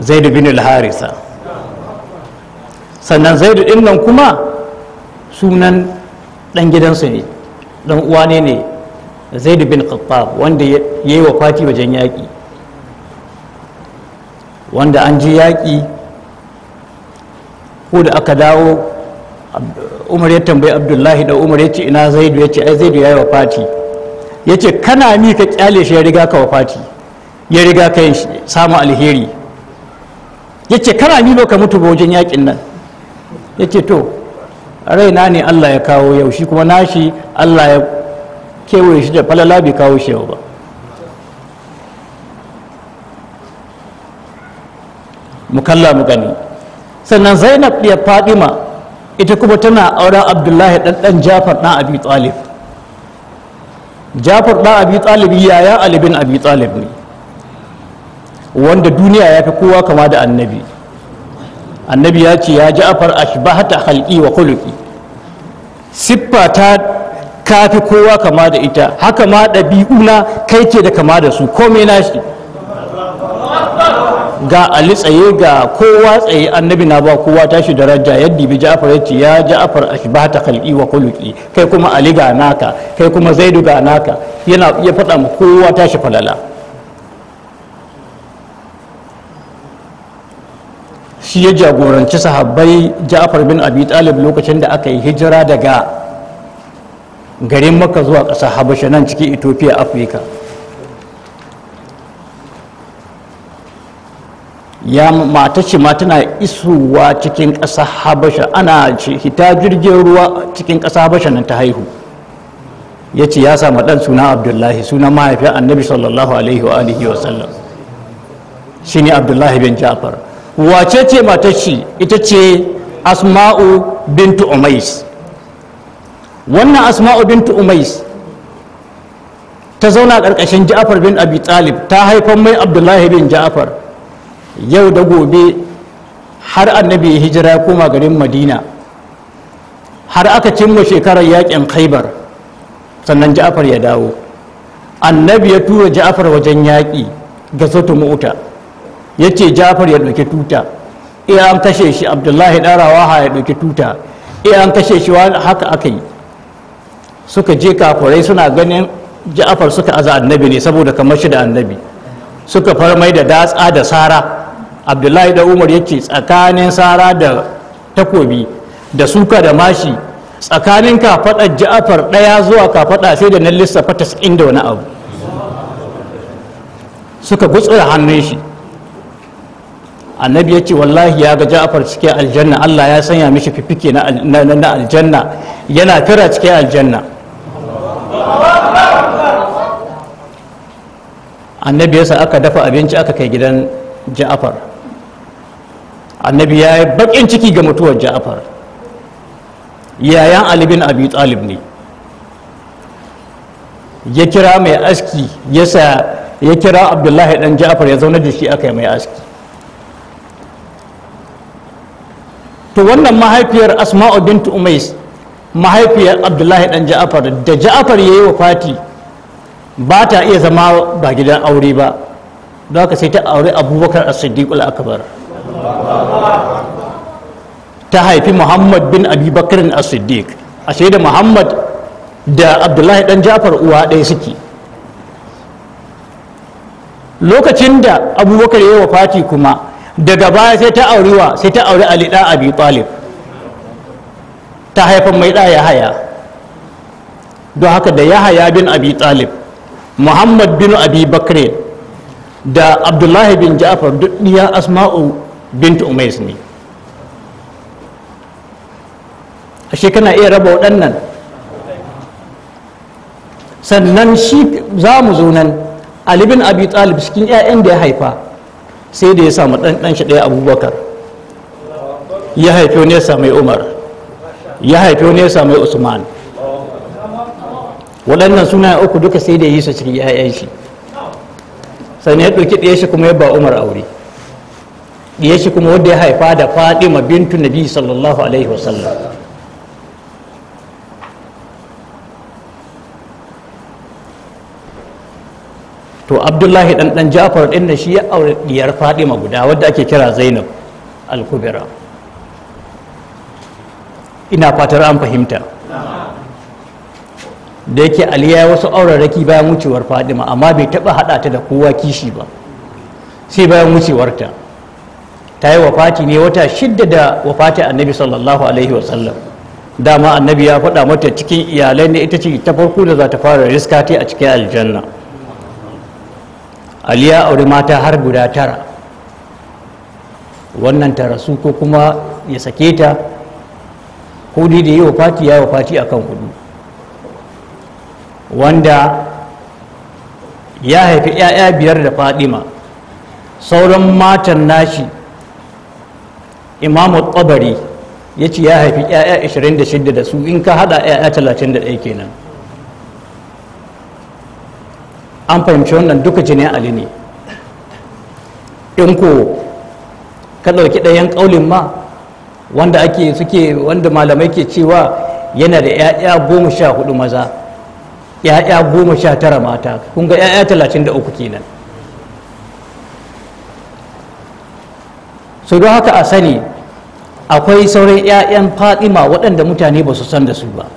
zaidu bin al sannan zaidu ɗin nan kuma sunan ɗan gidansu ne ɗan uwane ne zaidu bin qattab wanda ya yi wa fati wajen yaƙi wanda an ji yaƙi ko da aka dawo umar ya tambayi abdullahi da umar ya ce ina zaidu ya ce ai zaidu ya yi wafati ya ce kana ni ka kyale shi ya riga ka wafati ya riga ka yin samu alheri ya ce kana ni ka mutu ba wajen yakin nan ya ce to raina ne allah ya kawo yau shi kuma nashi allah ya kewaye shi da falala bai kawo shi yau ba mu kalla mu gani sannan zainab ɗiyar fadima ita kuma tana auren abdullahi ɗanɗan jafar ɗan abi talib jafar ɗan abi talib yaya alibin abi talib ne wanda duniya ya fi kowa kama da annabi annabi ya ce ya ja'far ashbahata halki wa kulufi siffa ta kafi kowa kama da ita haka ma ɗabi'una kai ke da kama da su komai nashi ga ali tsaye ga kowa tsaye annabi na ba kowa tashi daraja yadda bi ja'far yace ya ja'far ashbata khalqi wa khuluqi kai kuma ali ga naka kai kuma zaidu ga naka yana ya faɗa ma kowa tashi falala shi ya jagoranci sahabbai ja'far bin abi talib lokacin da aka yi hijira daga garin makka zuwa ƙasar habasha nan cikin ethiopia afirka ya mata ce ma tana isuwa cikin ƙasa habasha ana hita jirgin ruwa cikin ƙasa habasha nan ta haihu ya ce ya samu ɗan suna abdullahi suna mahaifiyar annabi sallallahu alaihi wa alihi wa sallam shi ne abdullahi bin ja'far wace ce mata ce ita ce asma'u bintu umais wannan asma'u bintu umais ta zauna ƙarƙashin ja'far bin abi talib ta haifan mai abdullahi bin ja'far yau da gobe har annabi ya hijira ya koma garin madina har aka cimma shekarar yakin khaibar sannan ja'afar ya dawo annabi ya tura ja'afar wajen yaƙi ga sotu mu'uta ya ce ja'afar ya ɗauki tuta iya an kashe shi abdullahi ɗarawa ha ya ɗauki tuta iya an kashe shi haka aka yi suka je kakurai suna ganin ja'afar suka aza annabi ne saboda kamar shi da annabi suka farmai da datsa da sara abdullahi da umar ya tsakanin sara da takobi da suka da mashi tsakanin kafaɗar ja'afar ɗaya zuwa kafaɗa sai da na lissafa tasa'in da wani abu suka gutsura hannun shi annabi ya ce wallahi ya ga ja'afar cikin aljanna allah ya sanya mishi fifike na aljanna yana fira cikin aljanna annabi sa aka dafa abinci aka kai gidan ja'afar annabi ya yi baƙin ciki ga mutuwar ja'afar yayan alibin abi talib ne ya kira mai aski ya sa ya kira abdullahi dan ja'afar ya zauna da shi aka yi mai aski to wannan mahaifiyar asma'u bintu umais mahaifiyar abdullahi dan ja'afar da ja'afar ya yi wa fati ba ta iya zama ba gidan aure ba don haka sai ta aure abubakar as-siddiq al-akbar ta haifi muhammad bin abubakar a siddiq ashe da muhammad da abdullahi dan jafar uwa ɗaya suke lokacin da abubakar ya wafati kuma daga baya sai ta auriwa sai ta auri ali da abi talib ta haifan mai ya haya don haka da ya haya bin abi talib muhammad bin abi da abdullahi bin ja'far duk asma'u bintu umais ne ashe kana iya raba waɗannan sannan shi za mu zo nan alibin abi talib cikin 'ya'yan da ya haifa sai da ya samu ɗan shi ɗaya abubakar ya haifi wani ya sami umar ya haifi wani ya sami usman waɗannan suna uku duka sai da ya yi su cikin 'ya'yan shi sannan ya ɗauki ɗaya shi kuma ya ba umar aure ya shi kuma wanda ya haifa da ma bintu nabi sallallahu alaihi wasallam to abdullahi dan dan jafar ɗin na shi ya aure diyar ma guda wadda ake kira zainab al-kubra ina fatar an fahimta da yake aliya wasu auraraki bayan wucewar fadima amma bai taɓa hada ta da kowa kishi ba sai bayan wucewarta ta yi wafati ne wata shidda da wafati annabi sallallahu alaihi wasallam dama annabi ya faɗa mata cikin iyalai ne ita ce ta farko da za ta fara riska ta a cikin aljanna ali ya auri mata har guda tara wannan ta rasu ko kuma ya sake ta ko dai da yi wafati ya wafati akan hudu wanda ya haifi 'ya'ya biyar da fadima sauran matan nashi imamu tabari ya ce ya haifi 'ya'ya 26 da su in ka hada 'ya'ya 31 kenan an fahimci wannan duka jini ali ne in ko ka ɗauki ɗayan ƙaulin ma wanda ake suke wanda malamai ke cewa yana da 'ya'ya goma maza 'ya'ya goma tara mata kun ga 'ya'ya talacin da uku kenan so don haka a sani akwai sauran 'ya'yan fatima waɗanda mutane ba su san da su ba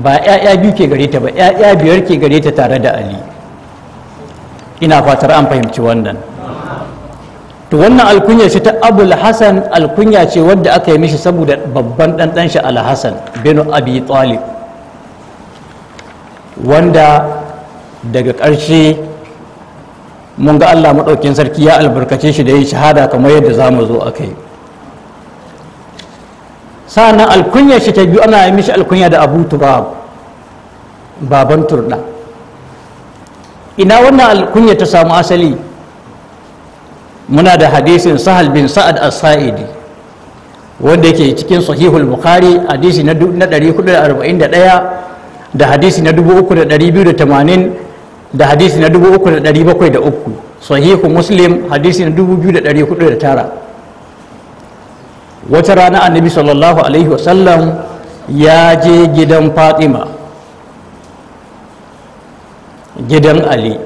ba 'ya'ya biyu ke gare ta ba 'ya'ya biyar ke gare ta tare da ali ina fatar an fahimci wannan to wannan alkunya shi ta abul hasan alkunya ce wadda aka yi mishi saboda babban ɗanɗan shi alhassan bin abi talib wanda daga ƙarshe mun ga allah maɗaukin sarki ya albarkace shi da yi shahada kamar yadda za mu zo a kai sa'annan alkunyar shi ta biyu ana yi mishi alkunya da abu turab baban turda ina wannan alkunya ta samu asali muna da hadisin sahal bin sa'ad as-sa'idi wanda yake cikin sahihul bukhari hadisi na 441 da hadisi na da hadisi na 3703 sahihu muslim hadisi na 2409 wata rana annabi sallallahu alaihi wasallam ya je gidan fatima gidan ali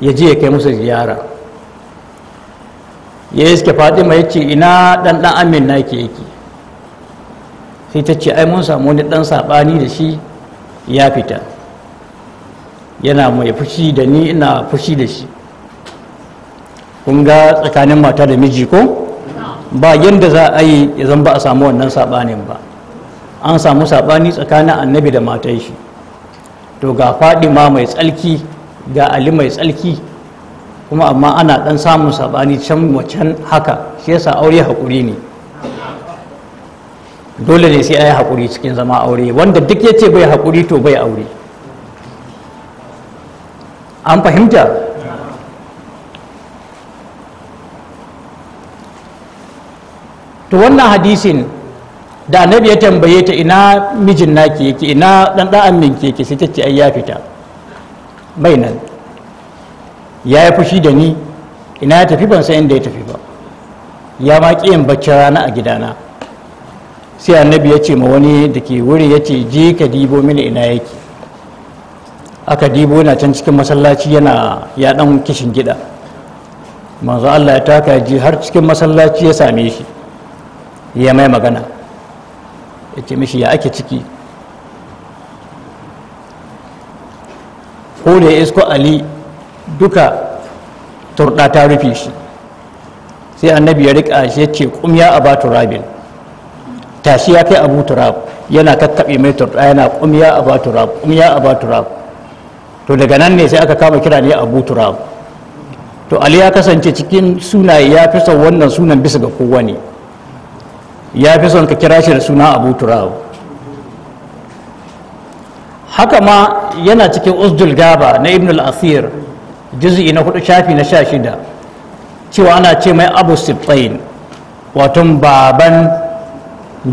ya je ya kai musu ziyara ya iske fatima ya ce ina dan ɗan amin na ke yake sai ta ce ai mun samu wani ɗan saɓani da shi ya fita yana mai fushi da ni ina fushi da shi kun ga tsakanin mata da miji ko ba yadda za a yi ya zan ba a samu wannan saɓanin ba an samu saɓani tsakanin annabi da matan shi to ga faɗi ma mai tsalki ga ali mai tsalki kuma amma ana ɗan samun saɓani can wacan haka shi yasa aure haƙuri ne dole ne sai a yi haƙuri cikin zama aure wanda duk ya ce bai haƙuri to bai aure an fahimta to wannan hadisin da annabi ya tambaye ta ina mijin naki yake ina dan da'an minki yake sai tace ai ya fita mai nan ya yi fushi da ni ina ya tafi ban san inda ya tafi ba ya ma ki yin bacci rana a gidana sai annabi ya ce ma wani da ke wuri ya ce je ka dibo mini ina yake aka dibo yana can cikin masallaci yana ya dan kishin gida manzo Allah ya taka ji har cikin masallaci ya same shi ya mai magana ya ce mishi ya ake ciki ko da isko ali duka turɗa ta rufe shi sai annabi ya rika shi ya ce kum ya aba turabin tashi ya kai abu turab yana kakkaɓe mai turɗa yana kum ya aba turab kum ya aba turab to daga nan ne sai aka kama kira ne abu turab to ali ya kasance cikin sunaye ya fi son wannan sunan bisa ga kowa ne. ya fi son ka kira shi da suna abu turab haka ma yana cikin usdul gaba na ibn al-asir juz'i na hudu shafi na sha shida cewa ana ce mai abu sibtain wato baban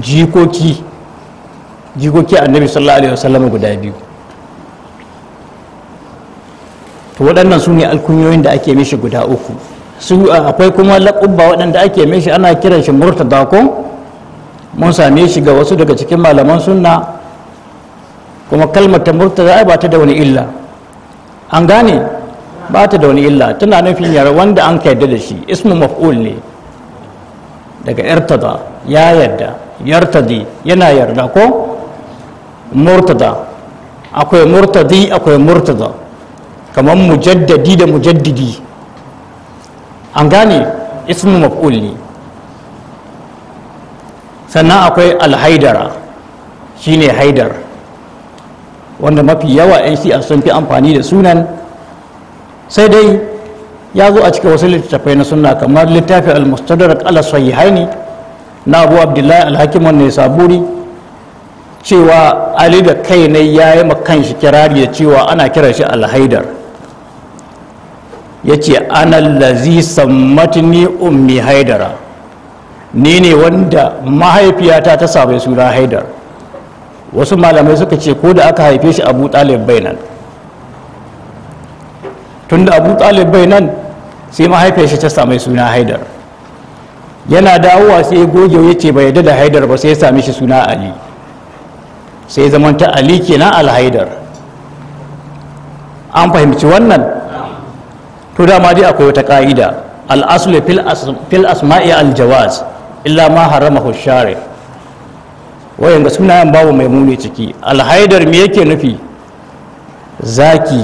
jikoki jikoki annabi sallallahu alaihi wasallam guda biyu to waɗannan su ne alkunyoyin da ake mishi guda uku su akwai kuma laƙubba waɗanda ake mishi ana kiran shi murtada ko mun same shi ga wasu daga cikin malaman sunna kuma kalmar ta murtada ai ba ta da wani illa an gane ba ta da wani illa tana nufin yara wanda an ka yarda da shi ismu maf'ul ne daga irtada ya yarda yartadi yana yarda ko murtada akwai murtadi akwai murtada kamar mujaddadi da mujaddidi an gane ismu maf'ul ne sannan akwai alhaidara shine haidar wanda mafi yawa 'yan shi'a sun fi amfani da sunan sai dai ya zo a cikin wasu littattafai na suna kamar littafi al-mustadrak ala sahihaini na abu abdullahi al-hakim wannan saburi cewa ali da kai ne ya yi makan shi kirari da cewa ana kiran shi alhaidar ya ce anallazi sammatini ummi haidara ni ne wanda mahaifiyata ta sami suna haidar wasu malamai suka ce ko da aka haife shi abu talib bainan tun da abu talib bainan sai mahaifiyar shi ta sami suna haidar yana dawowa sai ya goge ya ce bai da haidar ba sai ya sami shi suna ali sai zamanta ali kenan alhaidar an fahimci wannan to dama dai akwai wata ka'ida al'asule fil asma'i aljawaz illa ma harama hushari. wayan ga sunayen babu mai muni ciki alhaidar me yake nufi zaki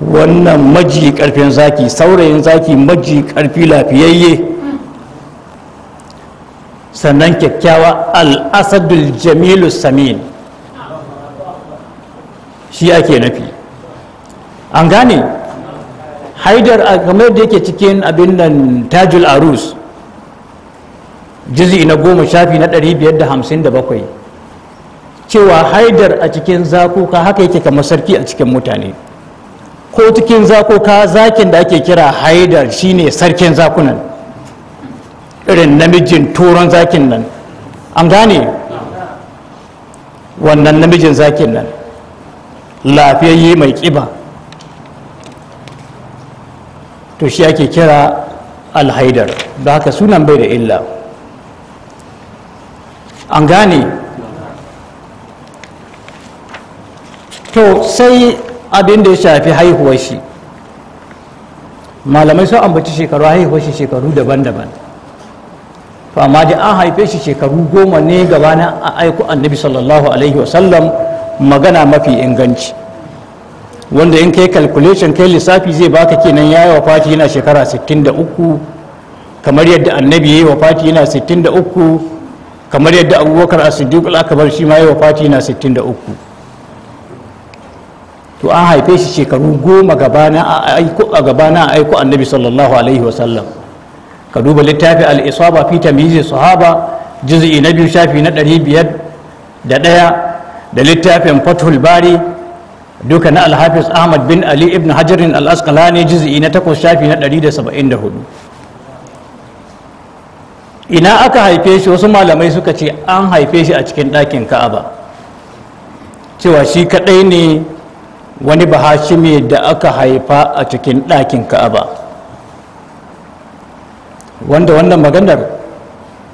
wannan maji karfin zaki saurayin zaki maji karfi lafiyayye sannan kyakkyawa al'asadul jamilu samin shi ake nufi an gane haidar kamar da yake cikin abin nan tajul arus jizi na goma shafi na 557 cewa haidar a cikin zakuka haka yake kamar sarki a cikin mutane ko cikin zakuka zakin da ake kira haidar shine sarkin zakunan irin namijin turon zakin nan an gane wannan namijin zakin nan lafiyayye mai kiba to shi ake kira alhaidar da haka sunan bai da illa an gane to sai abin da ya shafi haihuwar shi malamai sun ambaci shekaru haihuwar shi shekaru daban-daban amma da an haife shi shekaru goma ne gabanin a aiku annabi sallallahu alaihi wasallam magana mafi inganci wanda in kai calculation kai lissafi zai baka kenan ya yi wa fati yana shekara 63 kamar yadda annabi ya yi wa fati yana 63 kamar yadda abubakar a siddiq al-akbar shi ma ya yi wa fati yana 63 to an haife shi shekaru goma a gabana a aiko annabi sallallahu alaihi wasallam ka duba littafi al-isaba fi tamyiz sahaba juz'i na biyu shafi na 500 da ɗaya da littafin fathul bari duka na alhafiz ahmad bin ali ibn hajarin al ne jizi'i na takwas shafi na 174 ina aka haife shi wasu malamai suka ce an haife shi a cikin ɗakin ka'aba cewa shi kaɗai ne wani bahashime da aka haifa a cikin ɗakin ka'aba wanda wannan maganar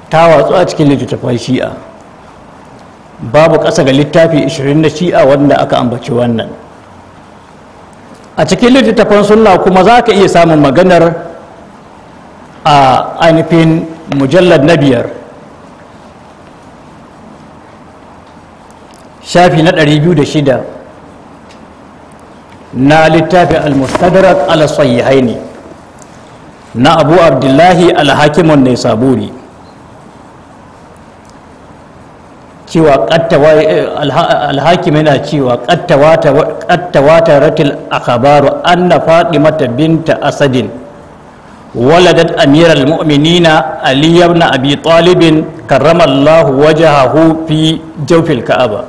ta watsu a cikin littattafan shi'a babu ƙasa ga littafi 20 na shi'a wanda aka ambaci wannan a cikin littattafan sunna kuma za ka iya samun maganar a ainihin mujallar na biyar shafi na 206 na littafin al-mustadrak al sahihaini na abu abdullahi al-hakimun ne saburi cewa alhakim yana cewa kattawata ratil akabaru anna mata binta asadin waladat amiral mu'minina ali ibn abi talibin karramallahu wajahahu fi jawfil ka'aba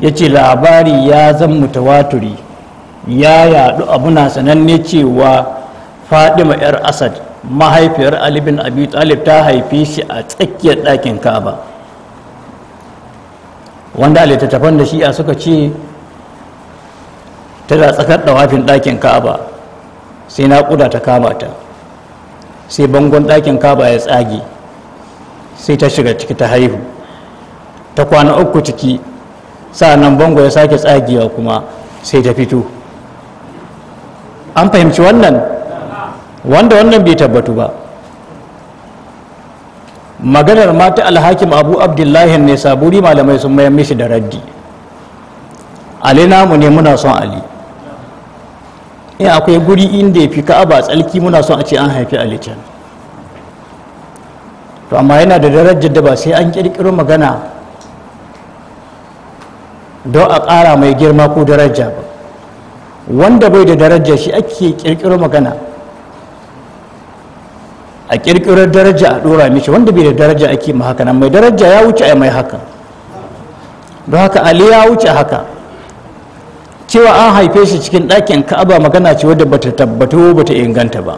yace labari ya zan mutawaturi ya yadu abuna sananne cewa fatima yar asad mahaifiyar ali bin abi talib ta haife shi a tsakiyar ɗakin ka'aba wanda littattafan da shi'a suka ce tana tsakar dawafin ɗakin kaba sai naƙuda ta kama ta sai bangon ɗakin kaba ya tsage sai ta shiga ciki ta haihu ta kwana uku ciki nan bango ya sake tsagewa kuma sai ta fito an fahimci wannan wanda wannan bai tabbatu ba maganar mata alhakim abu abdullahi ne saburi malamai sun mayan mishi da raddi ali namu ne muna son ali in akwai guri inda ya fi ka'aba tsalki muna son a ce an haifi ali can to amma yana da darajar da ba sai an kirkiro magana don a ƙara mai girma ko daraja ba wanda bai da darajar shi ake kirkiro magana a kirkirar daraja a ɗora mishi wanda bai da daraja ake ma haka nan mai daraja ya wuce a mai haka don haka ali ya wuce haka cewa an haife shi cikin ɗakin ka'aba magana ce wadda bata tabbato bata inganta ba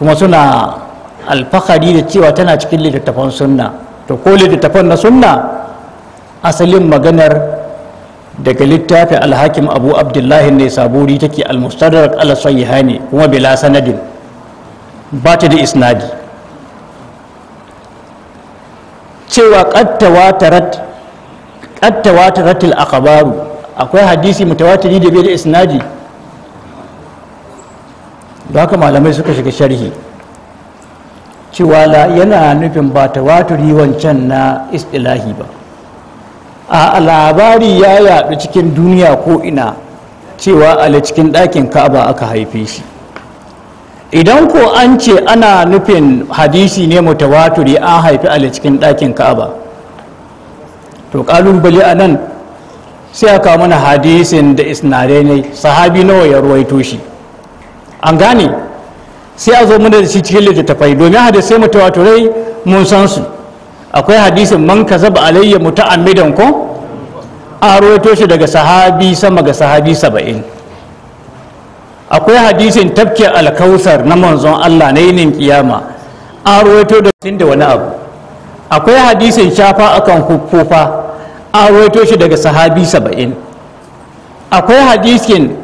kuma suna alfahari da cewa tana cikin littattafan sunna to ko littattafan na sunna asalin maganar daga littafin alhakim abu abdullahi ne saburi take almustadrak ala ne kuma bila sanadin ba ta da isnadi cewa kattawa taratil akabaru akwai hadisi mutawatiri da bai da isnadi da ka malamai suka shiga sharhi cewa yana nufin ba tawaturi wancan na istilahi ba a labari ya yaɗu cikin duniya ko ina cewa ali cikin ɗakin ka'aba aka haife shi idan ko an ce ana nufin hadisi ne mutawaturi an haifi ali cikin ɗakin ka'aba to ƙalubale a nan sai aka mana hadisin da isnare ne sahabi nawa ya ruwaito shi an gane sai a zo mana da shi cikin littattafai domin hadisai mutawaturai mun san su akwai hadisin man zaba alayya muta'ammidan ko a rawaito shi daga sahabi sama ga sahabi saba'in akwai hadisin tafke alkausar na manzon Allah na yinin kiyama a rawaito da da wani abu akwai hadisin shafa akan hukkufa a rawaito shi daga sahabi saba'in akwai hadisin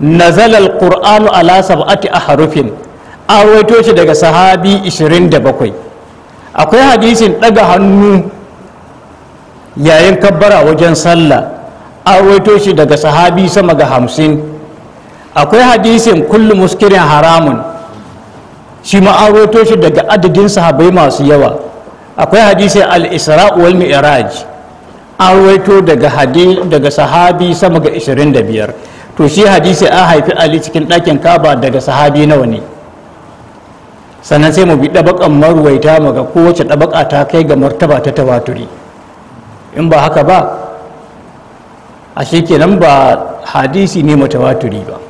nazal alqur'anu ala sab'ati ahrufin a rawaito shi daga sahabi 27 akwai hadisin ɗaga hannu yayin kabbara wajen sallah a waito shi daga sahabi sama ga hamsin akwai hadisin kullum muskirin haramun shi ma an waito shi daga adadin sahabai masu yawa akwai hadisin al-isra wal mi'raj an waito daga sahabi sama ga 25 to shi hadisi an haifi ali cikin ɗakin kaba daga sahabi nawa ne sannan sai mu bi ɗabaƙan marwaita mu ga kowace ɗabaƙa ta kai ga martaba ta tawaturi in ba haka ba a kenan ba hadisi ne matawaturi ba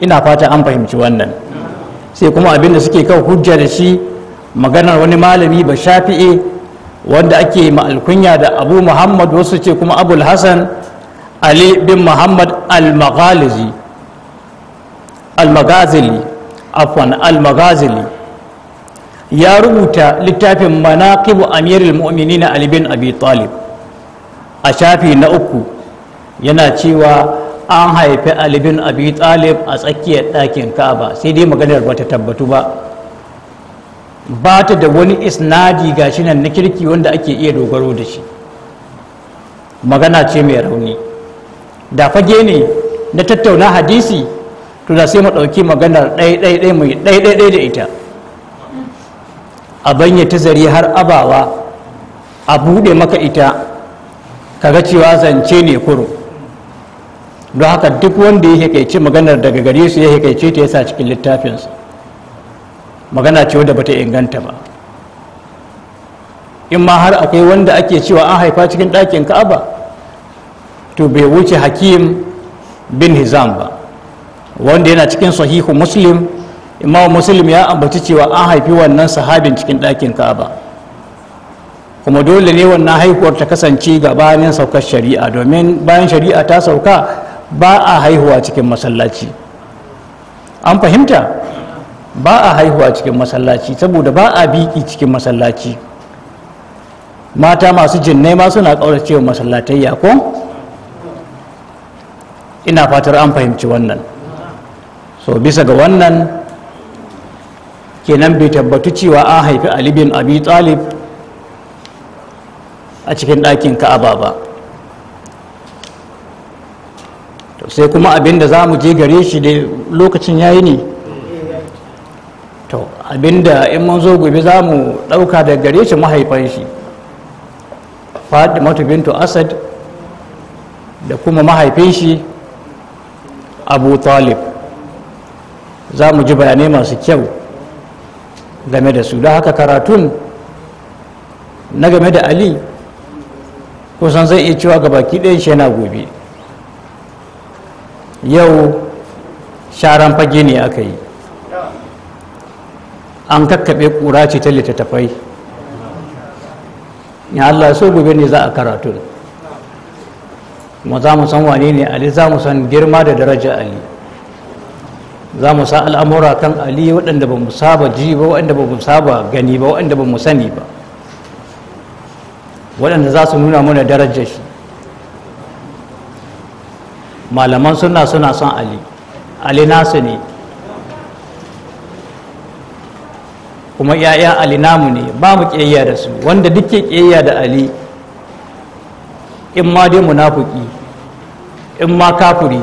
ina fata an fahimci wannan sai kuma abin da suke kan hujja da shi maganar wani malami ba shafi'e wanda ake ma'alkunya da abu muhammad wasu ce kuma abul hassan ali bin muhammad al-maghazili afwan al-maghazili ya rubuta littafin manaqib amirul mu'minin ali bin abi talib a shafi na uku yana cewa an haifi ali bin abi talib a tsakiyar ɗakin ka'aba sai dai maganar ba ta tabbatu ba ba ta da wani isnadi gashi nan na kirki wanda ake iya dogaro da shi magana ce mai rauni da fage ne na tattauna hadisi to da sai mu ɗauki maganar ɗaiɗaiɗai mu ɗaiɗaiɗai da ita a banye ta zari har abawa a buɗe maka ita kaga cewa zance ne kuro don haka duk wanda ya hekaice maganar daga gare su ya hekaice ta yasa cikin littafinsu magana ce wadda bata inganta ba in ma har akwai wanda ake cewa an haifa cikin ɗakin ka'aba to bai wuce hakim bin hizam ba wanda yana cikin sahihu muslim imam muslim ya ambaci cewa an haifi wannan sahabin cikin ɗakin ka'aba kuma dole ne wannan haihuwar ta kasance gabanin saukar shari'a domin bayan shari'a ta sauka ba a haihuwa cikin masallaci an fahimta ba a haihuwa cikin masallaci saboda ba a biki cikin masallaci mata masu jinnai ma suna ƙauracewa ya ko ina fatar an fahimci wannan so bisa ga wannan kenan bai tabbatu cewa an haifi ali bin abi talib a cikin ɗakin ka'aba ba to sai kuma abinda da za mu je gare shi da lokacin yayi ne to abinda in mun zo gobe za mu ɗauka da gare shi mahaifan shi fatimatu bintu asad da kuma mahaifin shi abu talib za mu ji bayanai masu kyau game da su da haka karatun na game da ali kusan zai iya cewa baki ɗaya shi yana gobe yau sharan fage ne aka yi an kakkaɓe ƙura ce ta littattafai ya Allah so gobe ne za a karatun. Kuma za mu san wane ne ali za mu san girma da daraja ali za mu sa al'amura kan ali waɗanda ba mu saba ji ba waɗanda ba mu saba gani ba waɗanda ba mu sani ba waɗanda za su nuna mana darajar shi malaman suna suna son ali ali nasu ne kuma ‘ya'ya ali namu ne ba mu ƙiyayya da su wanda duk ke ƙiyayya da ali in ma dai munafuki in ma kafuri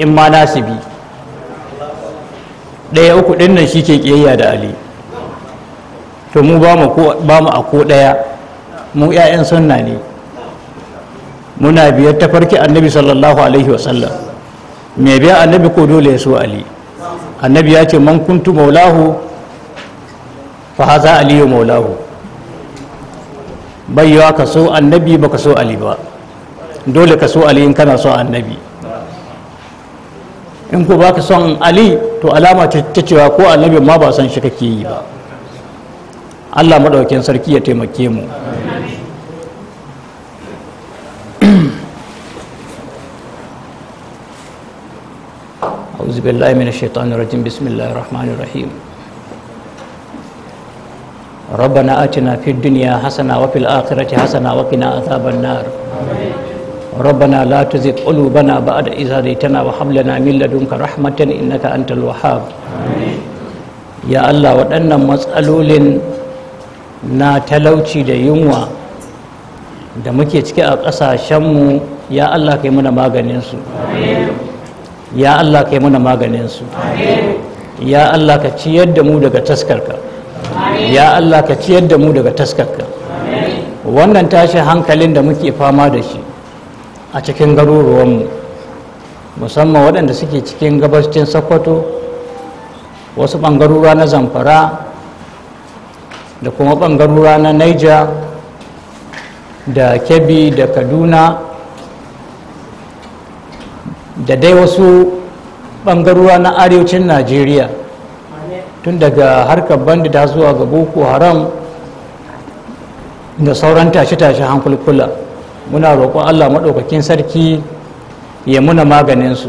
in ma nasibi ɗaya uku ɗin nan shi ke ƙiyayya da ali to mu ba mu a ko ɗaya mu 'ya'yan sunna ne muna biyar ta farki annabi sallallahu alaihi wasallam mai biya annabi ko dole ya so ali annabi ya ce man kuntu maulahu fa haza aliyu maulahu bayyawa ka so annabi ba ka so ali ba dole ka so ali in kana so annabi in ko baka son ali to alama ce ta cewa ko annabi ma ba san shi kake yi ba allah maɗaukin sarki ya taimake mu أعوذ بالله من الشيطان الرجيم بسم الله الرحمن الرحيم ربنا آتنا في الدنيا حسنة وفي الآخرة حسنة وقنا عذاب النار آمين. ربنا لا تزغ قلوبنا بعد إذ هديتنا وهب لنا من لدنك رحمة إنك أنت الوهاب ya Allah waɗannan matsalolin na talauci da yunwa da muke ciki a ƙasashenmu ya Allah kai mana maganinsu ya Allah kai mana maganinsu ya Allah ka ciyar da mu daga taskarka ya Allah ka ciyar da mu daga taskarka wannan tashi hankalin da muke fama da shi a cikin garuruwanmu musamman waɗanda suke cikin gabashin sokoto wasu ɓangarura na zamfara da kuma ɓangarura na niger da kebbi da kaduna da dai wasu ɓangarura na arewacin najeriya tun daga harkar da zuwa ga boko haram da sauran tashe-tashe hankulikula muna roƙon allah maɗaukakin sarki ya muna maganinsu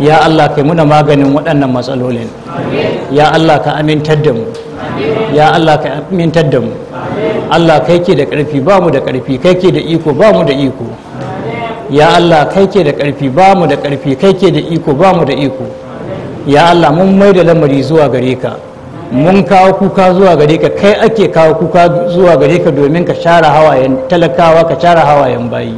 ya allah kai muna maganin waɗannan matsalolin ya allah ka amintar da mu ya allah ka amintar da mu allah kai ke da ƙarfi ba mu da ƙarfi kai ke da iko ba mu da iko ya allah kai ke da ƙarfi ba mu da ƙarfi kai ke da iko ba mu da iko ya allah mun mai da lamari zuwa gare ka mun kawo kuka zuwa gare ka kai ake kawo kuka zuwa gare ka domin ka share hawayen talakawa ka share hawayen bayi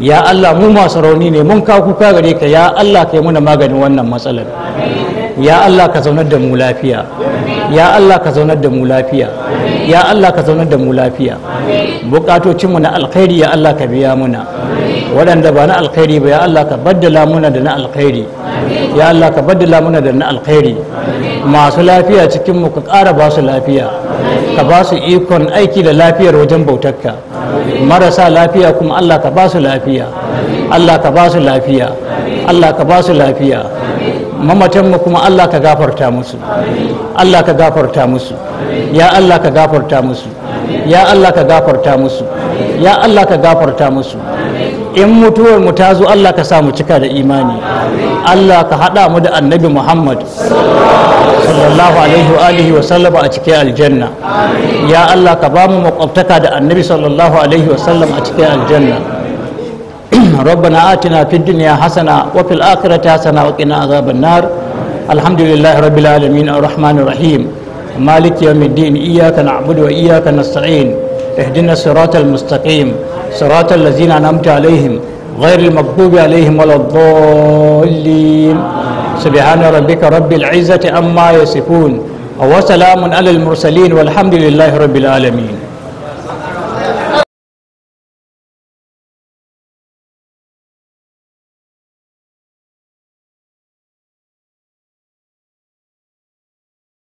ya Allah mu masu rauni ne mun kawo kuka gare ka ya Allah kai muna maganin wannan matsalar ya Allah ka zaunar da mu lafiya ya Allah ka zaunar da mu lafiya ya Allah ka zaunar da mu lafiya bukatocinmu na alkhairi ya Allah ka biya muna waɗanda ba na alkhairi ba ya Allah ka baddala muna da na alkhairi ya Allah ka baddala muna da na alkhairi masu lafiya cikin mu ka ƙara ba su lafiya ka ba su ikon aiki da lafiyar wajen bautarka marasa lafiya kuma Allah ka ba su lafiya Allah ka ba su lafiya Allah ka ba su lafiya mamatanmu kuma Allah ka gafarta musu Allah ka gafarta musu ya Allah ka gafarta musu ya Allah ka gafarta musu ya Allah ka gafarta musu in mutuwar mu ta zo Allah ka sa mu cika da imani Allah ka haɗa mu da annabi Muhammad sallallahu alaihi wa alihi wa sallama a cikin aljanna ya Allah ka ba mu makwabtaka da annabi sallallahu alaihi wa sallam a cikin aljanna ربنا آتنا في الدنيا حسنة وفي الآخرة حسنة وقنا عذاب النار الحمد لله رب العالمين الرحمن الرحيم مالك يوم الدين إياك نعبد وإياك نستعين اهدنا الصراط المستقيم صراط الذين أنعمت عليهم غير المغضوب عليهم ولا الضالين سبحان ربك رب العزة عما يصفون وسلام على المرسلين والحمد لله رب العالمين